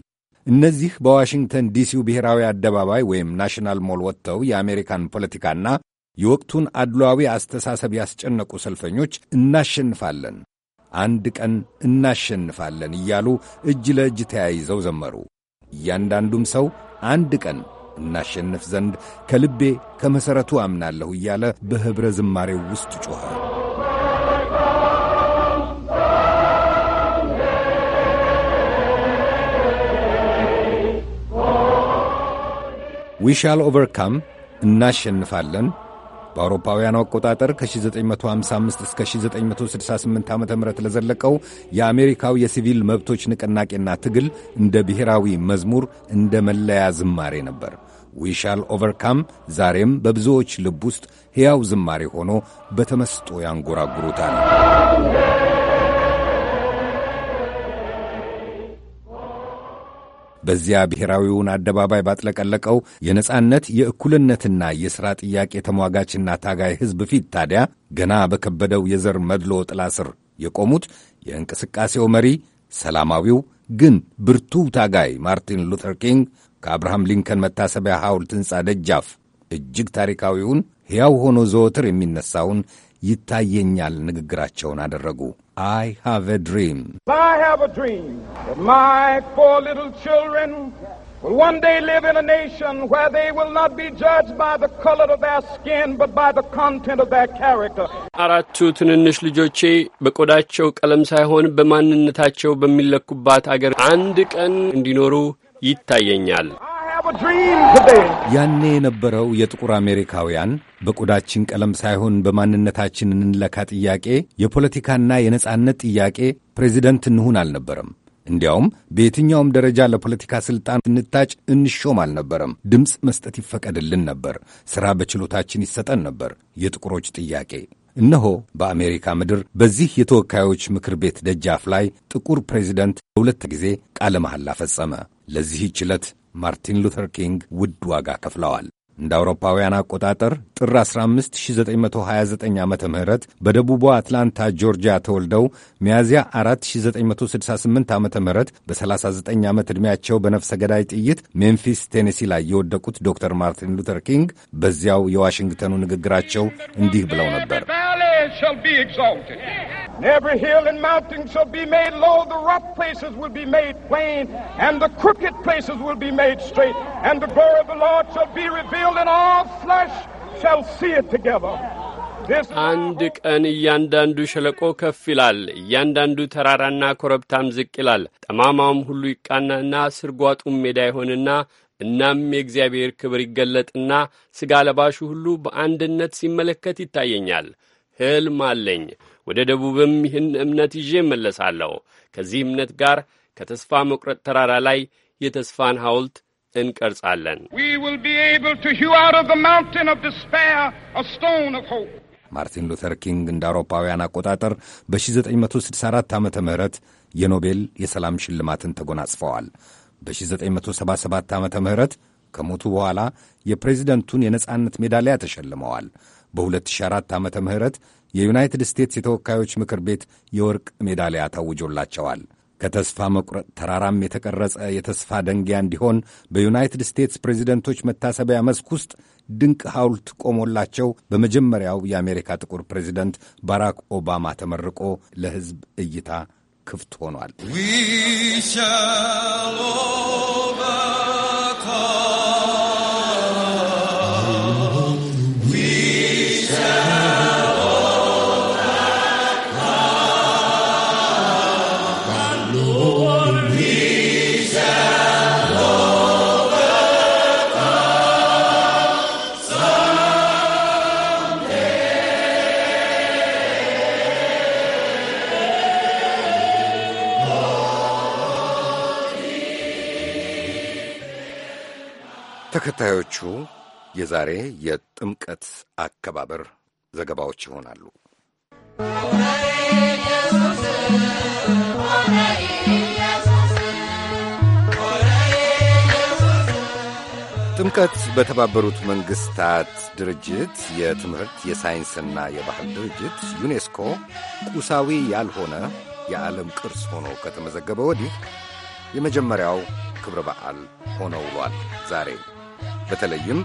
እነዚህ በዋሽንግተን ዲሲው ብሔራዊ አደባባይ ወይም ናሽናል ሞል ወጥተው የአሜሪካን ፖለቲካና የወቅቱን አድሏዊ አስተሳሰብ ያስጨነቁ ሰልፈኞች እናሸንፋለን አንድ ቀን እናሸንፋለን እያሉ እጅ ለእጅ ተያይዘው ዘመሩ። እያንዳንዱም ሰው አንድ ቀን እናሸንፍ ዘንድ ከልቤ ከመሠረቱ አምናለሁ እያለ በኅብረ ዝማሬው ውስጥ ጮኸ። ዊሻል ኦቨርካም እናሸንፋለን በአውሮፓውያኑ አቆጣጠር ከ1955 እስከ 1968 ዓ ም ለዘለቀው የአሜሪካው የሲቪል መብቶች ንቅናቄና ትግል እንደ ብሔራዊ መዝሙር እንደ መለያ ዝማሬ ነበር። ዊሻል ኦቨርካም ዛሬም በብዙዎች ልብ ውስጥ ሕያው ዝማሬ ሆኖ በተመስጦ ያንጎራጉሩታል። በዚያ ብሔራዊውን አደባባይ ባጥለቀለቀው የነጻነት የእኩልነትና የሥራ ጥያቄ ተሟጋችና ታጋይ ሕዝብ ፊት ታዲያ ገና በከበደው የዘር መድሎ ጥላ ስር የቆሙት የእንቅስቃሴው መሪ ሰላማዊው ግን ብርቱ ታጋይ ማርቲን ሉተር ኪንግ ከአብርሃም ሊንከን መታሰቢያ ሐውልት ሕንፃ ደጃፍ እጅግ ታሪካዊውን ሕያው ሆኖ ዘወትር የሚነሳውን ይታየኛል ንግግራቸውን አደረጉ። I I have have a a dream. dream that my four little children will one day live in a nation where they will not be judged by the color of their skin, but by the content of their character. አራቱ ትንንሽ ልጆቼ በቆዳቸው ቀለም ሳይሆን በማንነታቸው በሚለኩባት አገር አንድ ቀን እንዲኖሩ ይታየኛል። ያኔ የነበረው የጥቁር አሜሪካውያን በቆዳችን ቀለም ሳይሆን በማንነታችን እንለካ ጥያቄ የፖለቲካና የነጻነት ጥያቄ ፕሬዚደንት እንሁን አልነበረም። እንዲያውም በየትኛውም ደረጃ ለፖለቲካ ሥልጣን እንታጭ እንሾም አልነበረም። ድምፅ መስጠት ይፈቀድልን ነበር። ሥራ በችሎታችን ይሰጠን ነበር። የጥቁሮች ጥያቄ እነሆ በአሜሪካ ምድር በዚህ የተወካዮች ምክር ቤት ደጃፍ ላይ ጥቁር ፕሬዚደንት ለሁለት ጊዜ ቃለ መሐላ ፈጸመ። ለዚህች ዕለት ማርቲን ሉተር ኪንግ ውድ ዋጋ ከፍለዋል። እንደ አውሮፓውያን አቆጣጠር ጥር 15 1929 ዓ ም በደቡቧ አትላንታ ጆርጂያ ተወልደው ሚያዝያ 4 1968 ዓ ም በ39 ዓመት ዕድሜያቸው በነፍሰ ገዳይ ጥይት ሜምፊስ ቴኔሲ ላይ የወደቁት ዶክተር ማርቲን ሉተር ኪንግ በዚያው የዋሽንግተኑ ንግግራቸው እንዲህ ብለው ነበር And every hill and mountain shall be made low. The rough places will be made plain, and the crooked places will be made straight. And the glory of the Lord shall be revealed, and all flesh shall see it together. አንድ ቀን እያንዳንዱ ሸለቆ ከፍ ይላል፣ እያንዳንዱ ተራራና ኮረብታም ዝቅ ይላል። ጠማማውም ሁሉ ይቃናና ስርጓጡም ሜዳ ይሆንና እናም የእግዚአብሔር ክብር ይገለጥና ሥጋ ለባሹ ሁሉ በአንድነት ሲመለከት ይታየኛል። ሕልም አለኝ። ወደ ደቡብም ይህን እምነት ይዤ እመለሳለሁ። ከዚህ እምነት ጋር ከተስፋ መቁረጥ ተራራ ላይ የተስፋን ሐውልት እንቀርጻለን። ማርቲን ሉተር ኪንግ እንደ አውሮፓውያን አቆጣጠር በ1964 ዓ ም የኖቤል የሰላም ሽልማትን ተጎናጽፈዋል። በ1977 ዓ ም ከሞቱ በኋላ የፕሬዚደንቱን የነጻነት ሜዳሊያ ተሸልመዋል። በ2004 ዓ ም የዩናይትድ ስቴትስ የተወካዮች ምክር ቤት የወርቅ ሜዳሊያ ታውጆላቸዋል። ከተስፋ መቁረጥ ተራራም የተቀረጸ የተስፋ ደንጊያ እንዲሆን በዩናይትድ ስቴትስ ፕሬዚደንቶች መታሰቢያ መስክ ውስጥ ድንቅ ሐውልት ቆሞላቸው በመጀመሪያው የአሜሪካ ጥቁር ፕሬዚደንት ባራክ ኦባማ ተመርቆ ለሕዝብ እይታ ክፍት ሆኗል። ተከታዮቹ የዛሬ የጥምቀት አከባበር ዘገባዎች ይሆናሉ። ጥምቀት በተባበሩት መንግሥታት ድርጅት የትምህርት የሳይንስና የባህል ድርጅት ዩኔስኮ ቁሳዊ ያልሆነ የዓለም ቅርስ ሆኖ ከተመዘገበ ወዲህ የመጀመሪያው ክብረ በዓል ሆኖ ውሏል ዛሬ በተለይም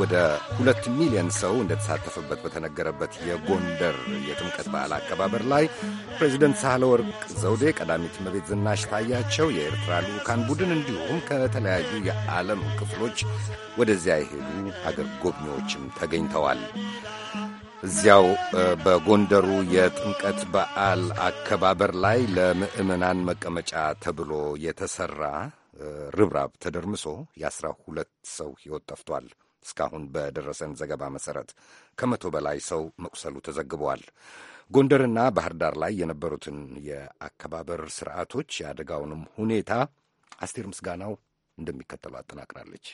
ወደ ሁለት ሚሊዮን ሰው እንደተሳተፈበት በተነገረበት የጎንደር የጥምቀት በዓል አከባበር ላይ ፕሬዚደንት ሳህለወርቅ ዘውዴ፣ ቀዳማዊት እመቤት ዝናሽ ታያቸው፣ የኤርትራ ልዑካን ቡድን እንዲሁም ከተለያዩ የዓለም ክፍሎች ወደዚያ የሄዱ አገር ጎብኚዎችም ተገኝተዋል። እዚያው በጎንደሩ የጥምቀት በዓል አከባበር ላይ ለምዕመናን መቀመጫ ተብሎ የተሠራ ርብራብ ተደርምሶ የአስራ ሁለት ሰው ሕይወት ጠፍቷል። እስካሁን በደረሰን ዘገባ መሰረት ከመቶ በላይ ሰው መቁሰሉ ተዘግበዋል። ጎንደርና ባህር ዳር ላይ የነበሩትን የአከባበር ስርዓቶች የአደጋውንም ሁኔታ አስቴር ምስጋናው እንደሚከተሉ አጠናቅራለች።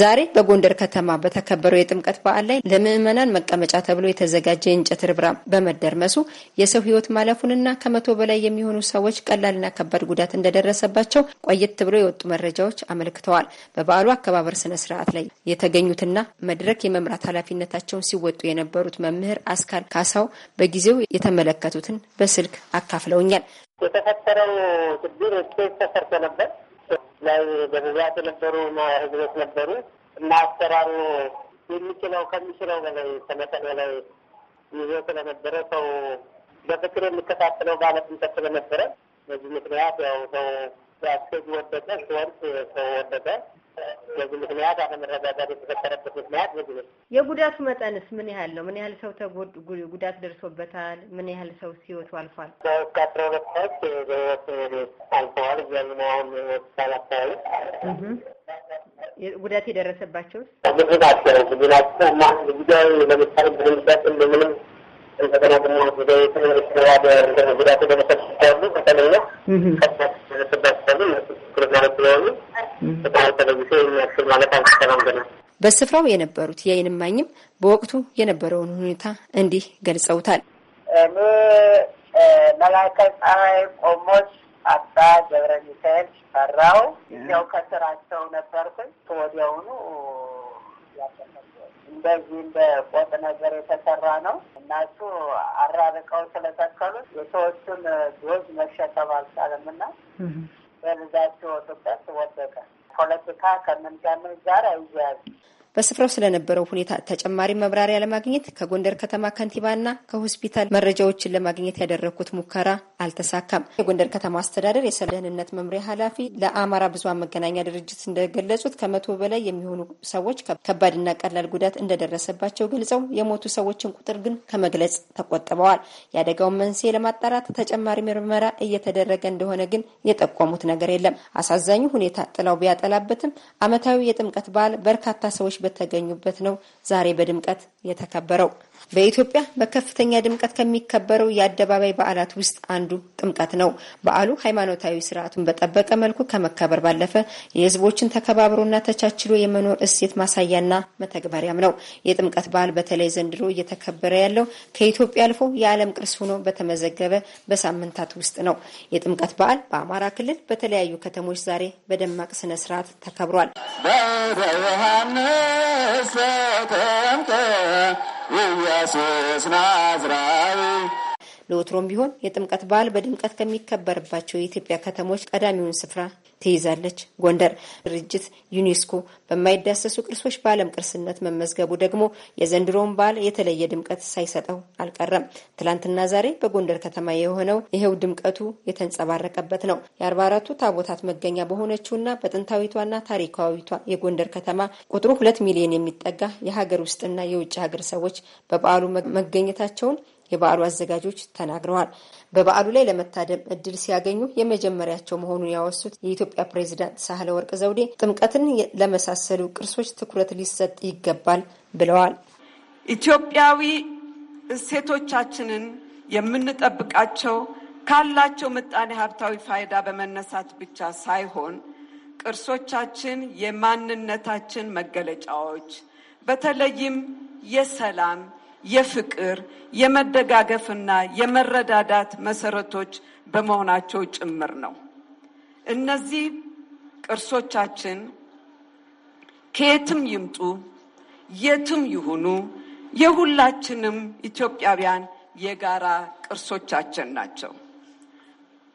ዛሬ በጎንደር ከተማ በተከበረው የጥምቀት በዓል ላይ ለምዕመናን መቀመጫ ተብሎ የተዘጋጀ የእንጨት ርብራብ በመደርመሱ የሰው ሕይወት ማለፉንና ከመቶ በላይ የሚሆኑ ሰዎች ቀላልና ከባድ ጉዳት እንደደረሰባቸው ቆየት ብሎ የወጡ መረጃዎች አመልክተዋል። በበዓሉ አከባበር ስነ ስርዓት ላይ የተገኙትና መድረክ የመምራት ኃላፊነታቸውን ሲወጡ የነበሩት መምህር አስካል ካሳው በጊዜው የተመለከቱትን በስልክ አካፍለውኛል። የተፈጠረው ችግር ኬዝ ተሰርቶ ነበር ላይ በብዛት የነበሩ ህዝቦች ነበሩ እና አሰራሩ የሚችለው ከሚችለው በላይ ከመጠን በላይ ይዞ ስለነበረ ሰው በፍቅር የሚከታተለው ምጠት ስለነበረ በዚህ ምክንያት ያው ሰው ሲያስገዝ ወደቀ፣ ሲወርቅ ሰው ወደቀ። በዚህ ምክንያት አለመረጋጋት የተፈጠረበት ምክንያት ብዙ ነው። የጉዳቱ መጠንስ ምን ያህል ነው? ምን ያህል ሰው ጉዳት ደርሶበታል? ምን ያህል ሰው ህይወቱ አልፏል? ከአስራ ሁለት ሰዎች በህይወት አልፈዋል። እያሉ ነው አሁን ሆስፒታል አካባቢ ጉዳት የደረሰባቸው ብዙ ናቸው። ብዙ ናቸው እና ለምሳሌ ብንሰጥ እንደምንም በስፍራው የነበሩት የዓይን እማኝም በወቅቱ የነበረውን ሁኔታ እንዲህ ገልጸውታል። እኔ መላከ ፀሐይ ቆሞች አባ ገብረ ሚካኤል ፈራው ያው ከስራቸው ነበርኩኝ። ወዲያውኑ እንደዚህ እንደ ቆጥ ነገር የተሰራ ነው እነሱ አራርቀው ስለተከሉት የሰዎቹን ዶዝ መሸከም አልቻለም እና በብዛት ሲወጡበት ወደቀ። ፖለቲካ ከምንጋምን ጋር አይያያዝም። በስፍራው ስለነበረው ሁኔታ ተጨማሪ መብራሪያ ለማግኘት ከጎንደር ከተማ ከንቲባና ከሆስፒታል መረጃዎችን ለማግኘት ያደረግኩት ሙከራ አልተሳካም። የጎንደር ከተማ አስተዳደር የሰላም ደህንነት መምሪያ ኃላፊ ለአማራ ብዙሃን መገናኛ ድርጅት እንደገለጹት ከመቶ በላይ የሚሆኑ ሰዎች ከባድና ቀላል ጉዳት እንደደረሰባቸው ገልጸው የሞቱ ሰዎችን ቁጥር ግን ከመግለጽ ተቆጥበዋል። የአደጋውን መንስኤ ለማጣራት ተጨማሪ ምርመራ እየተደረገ እንደሆነ ግን የጠቆሙት ነገር የለም። አሳዛኙ ሁኔታ ጥላው ቢያጠላበትም ዓመታዊ የጥምቀት በዓል በርካታ ሰዎች በተገኙበት ነው ዛሬ በድምቀት የተከበረው። በኢትዮጵያ በከፍተኛ ድምቀት ከሚከበረው የአደባባይ በዓላት ውስጥ አንዱ ጥምቀት ነው። በዓሉ ሃይማኖታዊ ስርዓቱን በጠበቀ መልኩ ከመከበር ባለፈ የህዝቦችን ተከባብሮና ተቻችሎ የመኖር እሴት ማሳያና መተግበሪያም ነው። የጥምቀት በዓል በተለይ ዘንድሮ እየተከበረ ያለው ከኢትዮጵያ አልፎ የዓለም ቅርስ ሆኖ በተመዘገበ በሳምንታት ውስጥ ነው። የጥምቀት በዓል በአማራ ክልል በተለያዩ ከተሞች ዛሬ በደማቅ ስነ ስርዓት ተከብሯል። በዮሐንስ ተጠምቀ ኢየሱስ ናዝራዊ ለወትሮም ቢሆን የጥምቀት በዓል በድምቀት ከሚከበርባቸው የኢትዮጵያ ከተሞች ቀዳሚውን ስፍራ ትይዛለች። ጎንደር ድርጅት ዩኔስኮ በማይዳሰሱ ቅርሶች በዓለም ቅርስነት መመዝገቡ ደግሞ የዘንድሮውን በዓል የተለየ ድምቀት ሳይሰጠው አልቀረም። ትላንትና ዛሬ በጎንደር ከተማ የሆነው ይኸው ድምቀቱ የተንጸባረቀበት ነው። የአርባ አራቱ ታቦታት መገኛ በሆነችውና በጥንታዊቷና ታሪካዊቷ የጎንደር ከተማ ቁጥሩ ሁለት ሚሊዮን የሚጠጋ የሀገር ውስጥና የውጭ ሀገር ሰዎች በበዓሉ መገኘታቸውን የበዓሉ አዘጋጆች ተናግረዋል። በበዓሉ ላይ ለመታደም እድል ሲያገኙ የመጀመሪያቸው መሆኑን ያወሱት የኢትዮጵያ ፕሬዚዳንት ሳህለ ወርቅ ዘውዴ ጥምቀትን ለመሳሰሉ ቅርሶች ትኩረት ሊሰጥ ይገባል ብለዋል። ኢትዮጵያዊ እሴቶቻችንን የምንጠብቃቸው ካላቸው ምጣኔ ሀብታዊ ፋይዳ በመነሳት ብቻ ሳይሆን ቅርሶቻችን የማንነታችን መገለጫዎች፣ በተለይም የሰላም የፍቅር የመደጋገፍና የመረዳዳት መሰረቶች በመሆናቸው ጭምር ነው። እነዚህ ቅርሶቻችን ከየትም ይምጡ፣ የትም ይሁኑ የሁላችንም ኢትዮጵያውያን የጋራ ቅርሶቻችን ናቸው።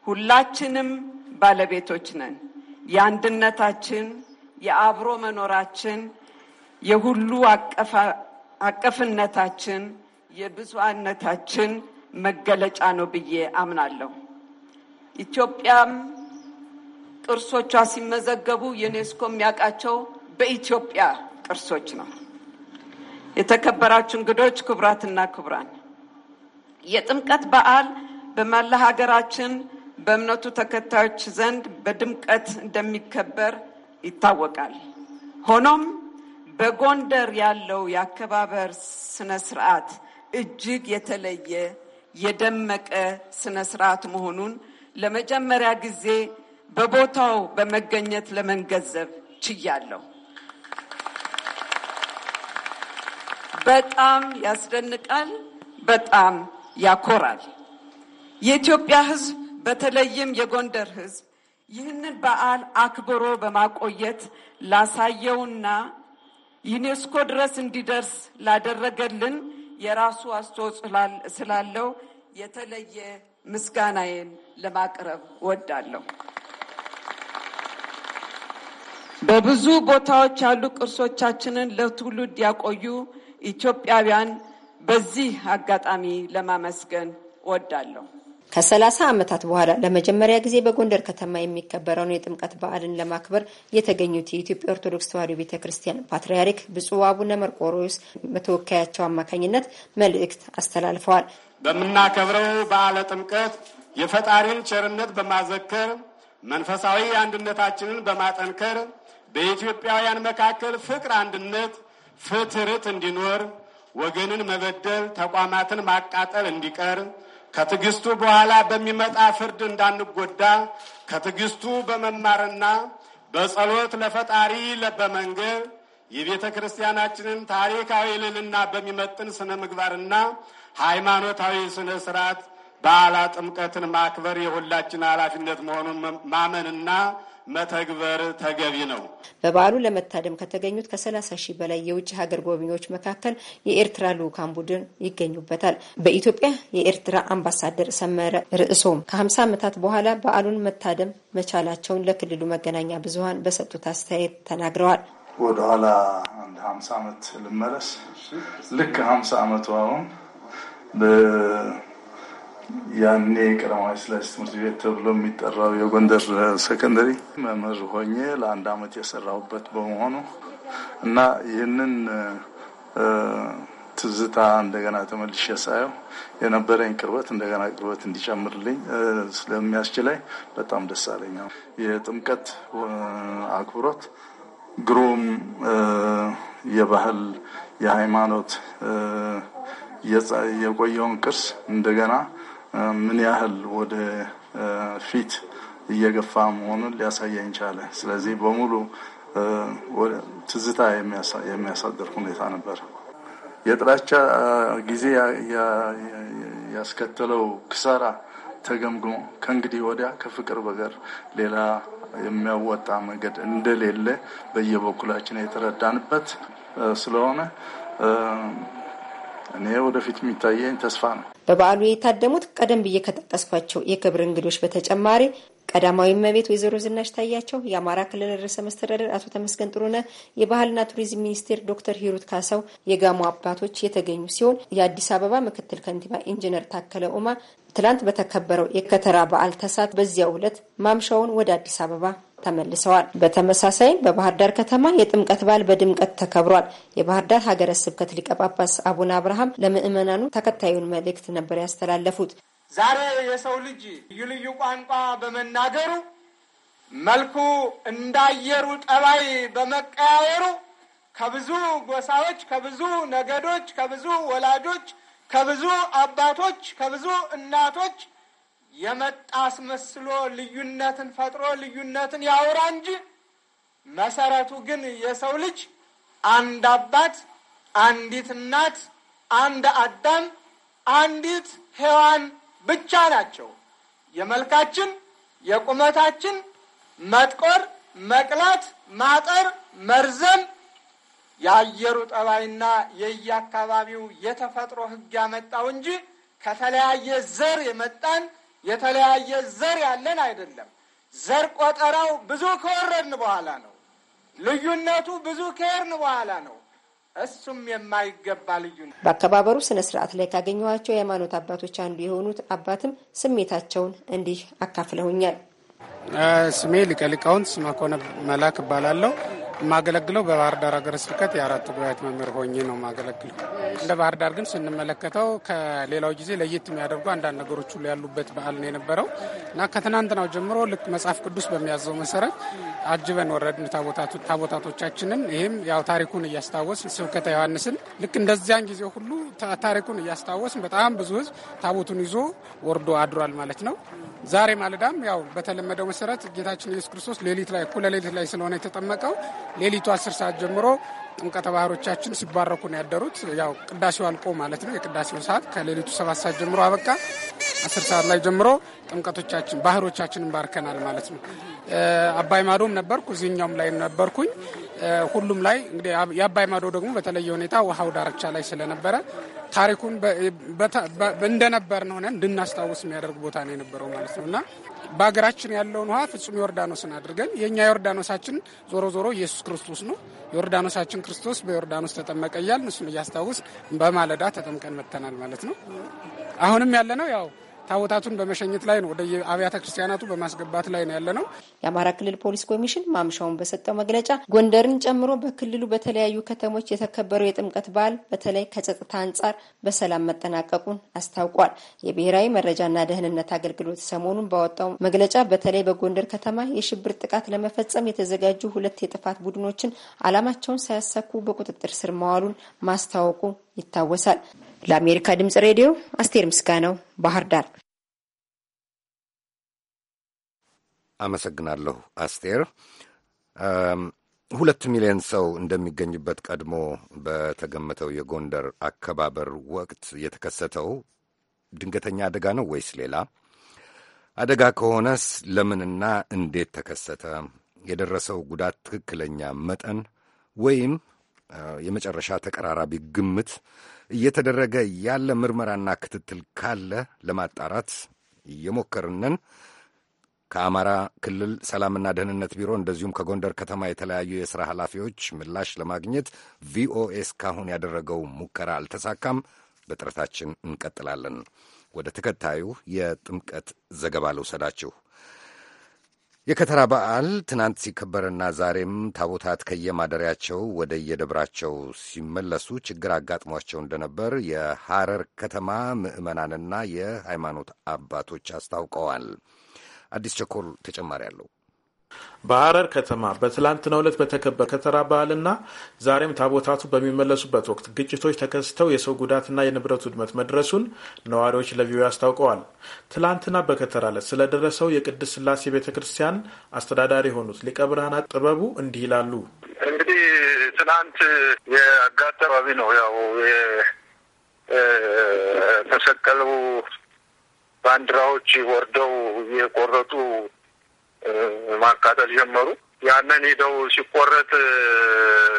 ሁላችንም ባለቤቶች ነን። የአንድነታችን፣ የአብሮ መኖራችን፣ የሁሉ አቀፍነታችን የብዙሃነታችን መገለጫ ነው ብዬ አምናለሁ። ኢትዮጵያም ቅርሶቿ ሲመዘገቡ ዩኔስኮ የሚያውቃቸው በኢትዮጵያ ቅርሶች ነው። የተከበራችሁ እንግዶች፣ ክቡራትና ክቡራን፣ የጥምቀት በዓል በመላ ሀገራችን በእምነቱ ተከታዮች ዘንድ በድምቀት እንደሚከበር ይታወቃል። ሆኖም በጎንደር ያለው የአከባበር ስነ ስርዓት እጅግ የተለየ የደመቀ ስነ ስርዓት መሆኑን ለመጀመሪያ ጊዜ በቦታው በመገኘት ለመንገዘብ ችያለሁ። በጣም ያስደንቃል፣ በጣም ያኮራል። የኢትዮጵያ ሕዝብ በተለይም የጎንደር ሕዝብ ይህንን በዓል አክብሮ በማቆየት ላሳየውና ዩኔስኮ ድረስ እንዲደርስ ላደረገልን የራሱ አስተዋጽኦ ስላለው የተለየ ምስጋናዬን ለማቅረብ ወዳለሁ። በብዙ ቦታዎች ያሉ ቅርሶቻችንን ለትውልድ ያቆዩ ኢትዮጵያውያን በዚህ አጋጣሚ ለማመስገን ወዳለሁ። ከሰላሳ ዓመታት በኋላ ለመጀመሪያ ጊዜ በጎንደር ከተማ የሚከበረውን የጥምቀት በዓልን ለማክበር የተገኙት የኢትዮጵያ ኦርቶዶክስ ተዋሕዶ ቤተ ክርስቲያን ፓትርያርክ ብፁዕ አቡነ መርቆሮስ በተወካያቸው አማካኝነት መልእክት አስተላልፈዋል። በምናከብረው በዓለ ጥምቀት የፈጣሪን ቸርነት በማዘከር መንፈሳዊ አንድነታችንን በማጠንከር በኢትዮጵያውያን መካከል ፍቅር፣ አንድነት፣ ፍትርት እንዲኖር ወገንን መበደል፣ ተቋማትን ማቃጠል እንዲቀር ከትዕግስቱ በኋላ በሚመጣ ፍርድ እንዳንጎዳ ከትዕግስቱ በመማርና በጸሎት ለፈጣሪ በመንገድ የቤተ ክርስቲያናችንን ታሪካዊ ልልና በሚመጥን ስነ ምግባርና ሃይማኖታዊ ስነ ስርዓት በዓላ ጥምቀትን ማክበር የሁላችን ኃላፊነት መሆኑን ማመንና መተግበር ተገቢ ነው። በበዓሉ ለመታደም ከተገኙት ከ ከ30 ሺህ በላይ የውጭ ሀገር ጎብኚዎች መካከል የኤርትራ ልዑካን ቡድን ይገኙበታል። በኢትዮጵያ የኤርትራ አምባሳደር ሰመረ ርዕሶም ከ50 ዓመታት በኋላ በዓሉን መታደም መቻላቸውን ለክልሉ መገናኛ ብዙሀን በሰጡት አስተያየት ተናግረዋል። ወደኋላ አንድ 50 ዓመት ልመለስ። ልክ 50 ዓመቱ አሁን ያኔ ቀዳማዊ ሥላሴ ትምህርት ቤት ተብሎ የሚጠራው የጎንደር ሰከንደሪ መምህር ሆኜ ለአንድ አመት የሰራሁበት በመሆኑ እና ይህንን ትዝታ እንደገና ተመልሼ ሳየው የነበረኝ ቅርበት እንደገና ቅርበት እንዲጨምርልኝ ስለሚያስችለኝ በጣም ደስ አለኝ። የጥምቀት አክብሮት ግሩም የባህል የሃይማኖት የቆየውን ቅርስ እንደገና ምን ያህል ወደ ፊት እየገፋ መሆኑን ሊያሳየኝ ቻለ። ስለዚህ በሙሉ ትዝታ የሚያሳድር ሁኔታ ነበር። የጥላቻ ጊዜ ያስከተለው ክሳራ ተገምግሞ ከእንግዲህ ወዲያ ከፍቅር በቀር ሌላ የሚያወጣ መንገድ እንደሌለ በየበኩላችን የተረዳንበት ስለሆነ እኔ ወደፊት የሚታየኝ ተስፋ ነው። በበዓሉ የታደሙት ቀደም ብዬ ከጠቀስኳቸው የክብር እንግዶች በተጨማሪ ቀዳማዊ እመቤት ወይዘሮ ዝናሽ ታያቸው፣ የአማራ ክልል ርዕሰ መስተዳደር አቶ ተመስገን ጥሩነ፣ የባህልና ቱሪዝም ሚኒስቴር ዶክተር ሂሩት ካሳው፣ የጋሞ አባቶች የተገኙ ሲሆን የአዲስ አበባ ምክትል ከንቲባ ኢንጂነር ታከለ ኡማ ትላንት በተከበረው የከተራ በዓል ተሳት በዚያው ዕለት ማምሻውን ወደ አዲስ አበባ ተመልሰዋል። በተመሳሳይም በባህር ዳር ከተማ የጥምቀት በዓል በድምቀት ተከብሯል። የባህር ዳር ሀገረ ስብከት ሊቀ ጳጳስ አቡነ አብርሃም ለምዕመናኑ ተከታዩን መልእክት ነበር ያስተላለፉት። ዛሬ የሰው ልጅ ልዩ ልዩ ቋንቋ በመናገሩ መልኩ እንዳየሩ ጠባይ በመቀያየሩ ከብዙ ጎሳዎች፣ ከብዙ ነገዶች፣ ከብዙ ወላጆች፣ ከብዙ አባቶች፣ ከብዙ እናቶች የመጣ አስመስሎ ልዩነትን ፈጥሮ ልዩነትን ያውራ እንጂ መሰረቱ ግን የሰው ልጅ አንድ አባት፣ አንዲት እናት፣ አንድ አዳም፣ አንዲት ሔዋን ብቻ ናቸው። የመልካችን የቁመታችን መጥቆር፣ መቅላት፣ ማጠር፣ መርዘም የአየሩ ጠባይና የየአካባቢው የተፈጥሮ ሕግ ያመጣው እንጂ ከተለያየ ዘር የመጣን የተለያየ ዘር ያለን አይደለም። ዘር ቆጠራው ብዙ ከወረድን በኋላ ነው። ልዩነቱ ብዙ ከሄድን በኋላ ነው። እሱም የማይገባ ልዩ ነው። በአከባበሩ ስነ ስርዓት ላይ ካገኘኋቸው የሃይማኖት አባቶች አንዱ የሆኑት አባትም ስሜታቸውን እንዲህ አካፍለውኛል። ስሜ ሊቀ ሊቃውንት መላክ እባላለሁ። የማገለግለው በባህር ዳር ሀገረ ስብከት የአራት ጉባኤት መምህር ሆኜ ነው የማገለግለው። እንደ ባህር ዳር ግን ስንመለከተው ከሌላው ጊዜ ለየት የሚያደርጉ አንዳንድ ነገሮች ሁሉ ያሉበት በዓል ነው የነበረው እና ከትናንትናው ጀምሮ ልክ መጽሐፍ ቅዱስ በሚያዘው መሰረት አጅበን ወረድን ታቦታቶቻችንን። ይህም ያው ታሪኩን እያስታወስን ስብከተ ዮሐንስን ልክ እንደዚያን ጊዜ ሁሉ ታሪኩን እያስታወስን በጣም ብዙ ህዝብ ታቦቱን ይዞ ወርዶ አድሯል ማለት ነው። ዛሬ ማለዳም ያው በተለመደው መሰረት ጌታችን ኢየሱስ ክርስቶስ ሌሊት ላይ እኩለ ሌሊት ላይ ስለሆነ የተጠመቀው ሌሊቱ አስር ሰዓት ጀምሮ ጥምቀተ ባህሮቻችን ሲባረኩ ነው ያደሩት። ያው ቅዳሴው አልቆ ማለት ነው። የቅዳሴው ሰዓት ከሌሊቱ ሰባት ሰዓት ጀምሮ አበቃ። አስር ሰዓት ላይ ጀምሮ ጥምቀቶቻችን ባህሮቻችንን ባርከናል ማለት ነው። አባይ ማዶም ነበርኩ፣ እዚህኛውም ላይ ነበርኩኝ። ሁሉም ላይ እንግዲህ የአባይ ማዶ ደግሞ በተለየ ሁኔታ ውሃው ዳርቻ ላይ ስለነበረ ታሪኩን እንደነበርን ነን እንድናስታውስ የሚያደርግ ቦታ ነው የነበረው ማለት ነው እና በሀገራችን ያለውን ውሃ ፍጹም ዮርዳኖስን አድርገን የእኛ ዮርዳኖሳችን ዞሮ ዞሮ ኢየሱስ ክርስቶስ ነው። ዮርዳኖሳችን ክርስቶስ በዮርዳኖስ ተጠመቀ እያልን እሱን እያስታውስ በማለዳ ተጠምቀን መጥተናል ማለት ነው። አሁንም ያለነው ያው ታቦታቱን በመሸኘት ላይ ነው፣ ወደ አብያተ ክርስቲያናቱ በማስገባት ላይ ነው ያለነው። የአማራ ክልል ፖሊስ ኮሚሽን ማምሻውን በሰጠው መግለጫ ጎንደርን ጨምሮ በክልሉ በተለያዩ ከተሞች የተከበረው የጥምቀት በዓል በተለይ ከጸጥታ አንጻር በሰላም መጠናቀቁን አስታውቋል። የብሔራዊ መረጃና ደህንነት አገልግሎት ሰሞኑን ባወጣው መግለጫ በተለይ በጎንደር ከተማ የሽብር ጥቃት ለመፈጸም የተዘጋጁ ሁለት የጥፋት ቡድኖችን ዓላማቸውን ሳያሳኩ በቁጥጥር ስር መዋሉን ማስታወቁ ይታወሳል። ለአሜሪካ ድምጽ ሬዲዮ አስቴር ምስጋናው ባህር ዳር። አመሰግናለሁ አስቴር። ሁለት ሚሊዮን ሰው እንደሚገኝበት ቀድሞ በተገመተው የጎንደር አከባበር ወቅት የተከሰተው ድንገተኛ አደጋ ነው ወይስ ሌላ አደጋ? ከሆነስ ለምንና እንዴት ተከሰተ? የደረሰው ጉዳት ትክክለኛ መጠን ወይም የመጨረሻ ተቀራራቢ ግምት እየተደረገ ያለ ምርመራና ክትትል ካለ ለማጣራት እየሞከርንን ከአማራ ክልል ሰላምና ደህንነት ቢሮ እንደዚሁም ከጎንደር ከተማ የተለያዩ የሥራ ኃላፊዎች ምላሽ ለማግኘት ቪኦኤ እስካሁን ያደረገው ሙከራ አልተሳካም። በጥረታችን እንቀጥላለን። ወደ ተከታዩ የጥምቀት ዘገባ ልውሰዳችሁ። የከተራ በዓል ትናንት ሲከበርና ዛሬም ታቦታት ከየማደሪያቸው ወደ የደብራቸው ሲመለሱ ችግር አጋጥሟቸው እንደነበር የሐረር ከተማ ምዕመናንና የሃይማኖት አባቶች አስታውቀዋል። አዲስ ቸኮል ተጨማሪ አለው። በሐረር ከተማ በትላንትናው ዕለት በተከበረ ከተራ በዓልና ዛሬም ታቦታቱ በሚመለሱበት ወቅት ግጭቶች ተከስተው የሰው ጉዳትና የንብረት ውድመት መድረሱን ነዋሪዎች ለቪኦኤ አስታውቀዋል። ትላንትና በከተራ ዕለት ስለደረሰው የቅድስት ስላሴ ቤተ ክርስቲያን አስተዳዳሪ የሆኑት ሊቀ ብርሃናት ጥበቡ እንዲህ ይላሉ። እንግዲህ ትናንት የአጋጠባቢ ነው ያው የተሰቀሉ ባንዲራዎች ወርደው የቆረጡ ማቃጠል ጀመሩ። ያንን ሄደው ሲቆረጥ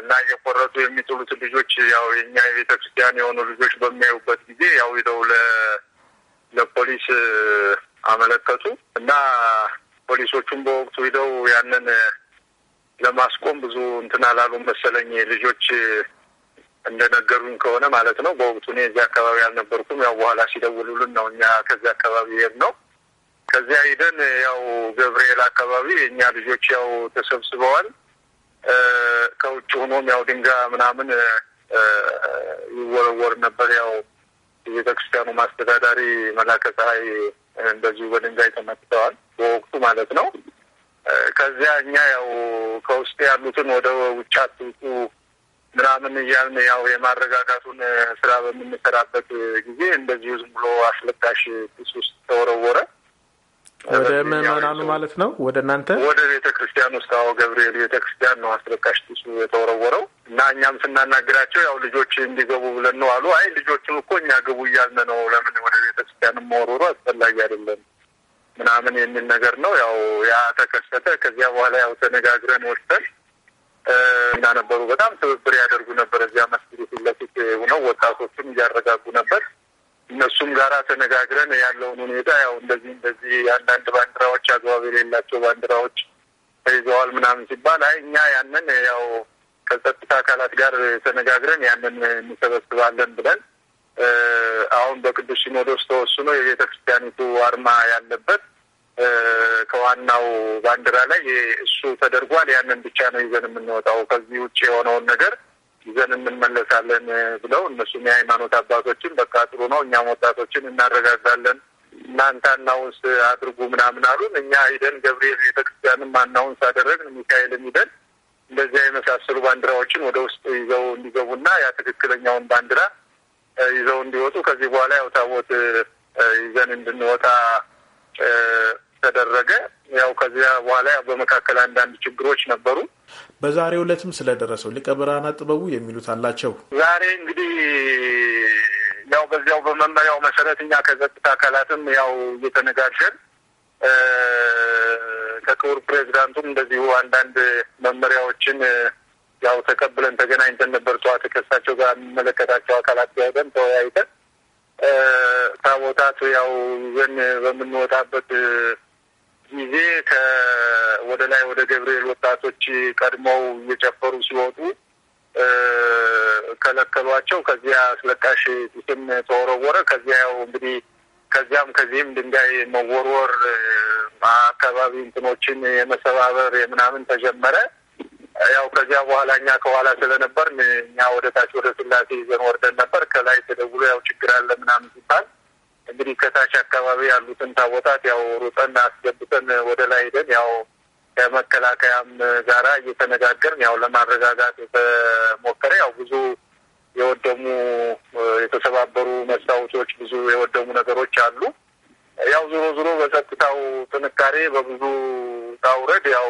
እና እየቆረጡ የሚጥሉት ልጆች ያው የኛ የቤተ ክርስቲያን የሆኑ ልጆች በሚያዩበት ጊዜ ያው ሄደው ለፖሊስ አመለከቱ እና ፖሊሶቹም በወቅቱ ሂደው ያንን ለማስቆም ብዙ እንትን አላሉም መሰለኝ ልጆች እንደነገሩኝ ከሆነ ማለት ነው። በወቅቱ እኔ እዚህ አካባቢ አልነበርኩም። ያው በኋላ ሲደውሉልን ነው እኛ ከዚህ አካባቢ ሄድ ነው ከዚያ ሂደን ያው ገብርኤል አካባቢ የእኛ ልጆች ያው ተሰብስበዋል። ከውጭ ሆኖም ያው ድንጋይ ምናምን ይወረወር ነበር። ያው የቤተክርስቲያኑ ማስተዳዳሪ መላከ ፀሐይ እንደዚሁ በድንጋይ ተመትተዋል፣ በወቅቱ ማለት ነው። ከዚያ እኛ ያው ከውስጥ ያሉትን ወደ ውጭ አትውጡ ምናምን እያልን ያው የማረጋጋቱን ስራ በምንሰራበት ጊዜ እንደዚሁ ዝም ብሎ አስለቃሽ ጭስ ውስጥ ተወረወረ። ወደ ምዕመናኑ ማለት ነው። ወደ እናንተ ወደ ቤተ ክርስቲያን ውስጥ ገብርኤል ቤተ ክርስቲያን ነው አስለቃሽ ጢሱ የተወረወረው እና እኛም ስናናግራቸው ያው ልጆች እንዲገቡ ብለን ነው አሉ። አይ ልጆችም እኮ እኛ ግቡ እያልን ነው፣ ለምን ወደ ቤተ ክርስቲያን መወርወሩ አስፈላጊ አይደለም ምናምን የሚል ነገር ነው። ያው ያ ተከሰተ። ከዚያ በኋላ ያው ተነጋግረን ወጥተን እና በጣም ትብብር ያደርጉ ነበር። እዚያ መስጊዱ ፊት ለፊት ሆነው እያረጋጉ ነበር። እነሱም ጋራ ተነጋግረን ያለውን ሁኔታ ያው እንደዚህ እንደዚህ አንዳንድ ባንዲራዎች አግባብ የሌላቸው ባንዲራዎች ተይዘዋል ምናምን ሲባል አይ እኛ ያንን ያው ከጸጥታ አካላት ጋር ተነጋግረን ያንን እንሰበስባለን ብለን አሁን በቅዱስ ሲኖዶስ ተወስኖ የቤተ ክርስቲያኒቱ አርማ ያለበት ከዋናው ባንዲራ ላይ እሱ ተደርጓል። ያንን ብቻ ነው ይዘን የምንወጣው። ከዚህ ውጭ የሆነውን ነገር ይዘን እንመለሳለን ብለው እነሱም የሃይማኖት አባቶችን በቃ ጥሩ ነው፣ እኛም ወጣቶችን እናረጋጋለን እናንተ አናውንስ አድርጉ ምናምን አሉን። እኛ ሂደን ገብርኤል ቤተክርስቲያንም አናውንስ አደረግን። ሚካኤልም ሂደን እንደዚያ የመሳሰሉ ባንዲራዎችን ወደ ውስጥ ይዘው እንዲገቡና ያ ትክክለኛውን ባንዲራ ይዘው እንዲወጡ ከዚህ በኋላ ያው ታቦት ይዘን እንድንወጣ ተደረገ። ያው ከዚያ በኋላ በመካከል አንዳንድ ችግሮች ነበሩ። በዛሬ ዕለትም ስለደረሰው ሊቀ ብርሃን ጥበቡ የሚሉት አላቸው። ዛሬ እንግዲህ ያው በዚያው በመመሪያው መሰረት እኛ ከጸጥታ አካላትም ያው እየተነጋገርን ከክቡር ፕሬዚዳንቱም እንደዚሁ አንዳንድ መመሪያዎችን ያው ተቀብለን ተገናኝተን ነበር። ጠዋት ከእሳቸው ጋር የሚመለከታቸው አካላት ያደን ተወያይተን ታቦታት ያው ይዘን በምንወጣበት ጊዜ ወደ ላይ ወደ ገብርኤል ወጣቶች ቀድመው እየጨፈሩ ሲወጡ ከለከሏቸው። ከዚያ አስለቃሽ ጭስም ተወረወረ። ከዚያ ያው እንግዲህ ከዚያም ከዚህም ድንጋይ መወርወር አካባቢ እንትኖችን የመሰባበር የምናምን ተጀመረ። ያው ከዚያ በኋላ እኛ ከኋላ ስለነበር እኛ ወደ ታች ወደ ስላሴ ይዘን ወርደን ነበር። ከላይ ተደውሎ ያው ችግር አለ ምናምን ሲባል እንግዲህ ከታች አካባቢ ያሉትን ታቦታት ያው ሩጠን አስገብተን ወደ ላይ ሄደን ያው ከመከላከያም ጋራ እየተነጋገርን ያው ለማረጋጋት የተሞከረ ያው ብዙ የወደሙ የተሰባበሩ መስታወቶች፣ ብዙ የወደሙ ነገሮች አሉ። ያው ዞሮ ዞሮ በጸጥታው ጥንካሬ በብዙ ታውረድ ያው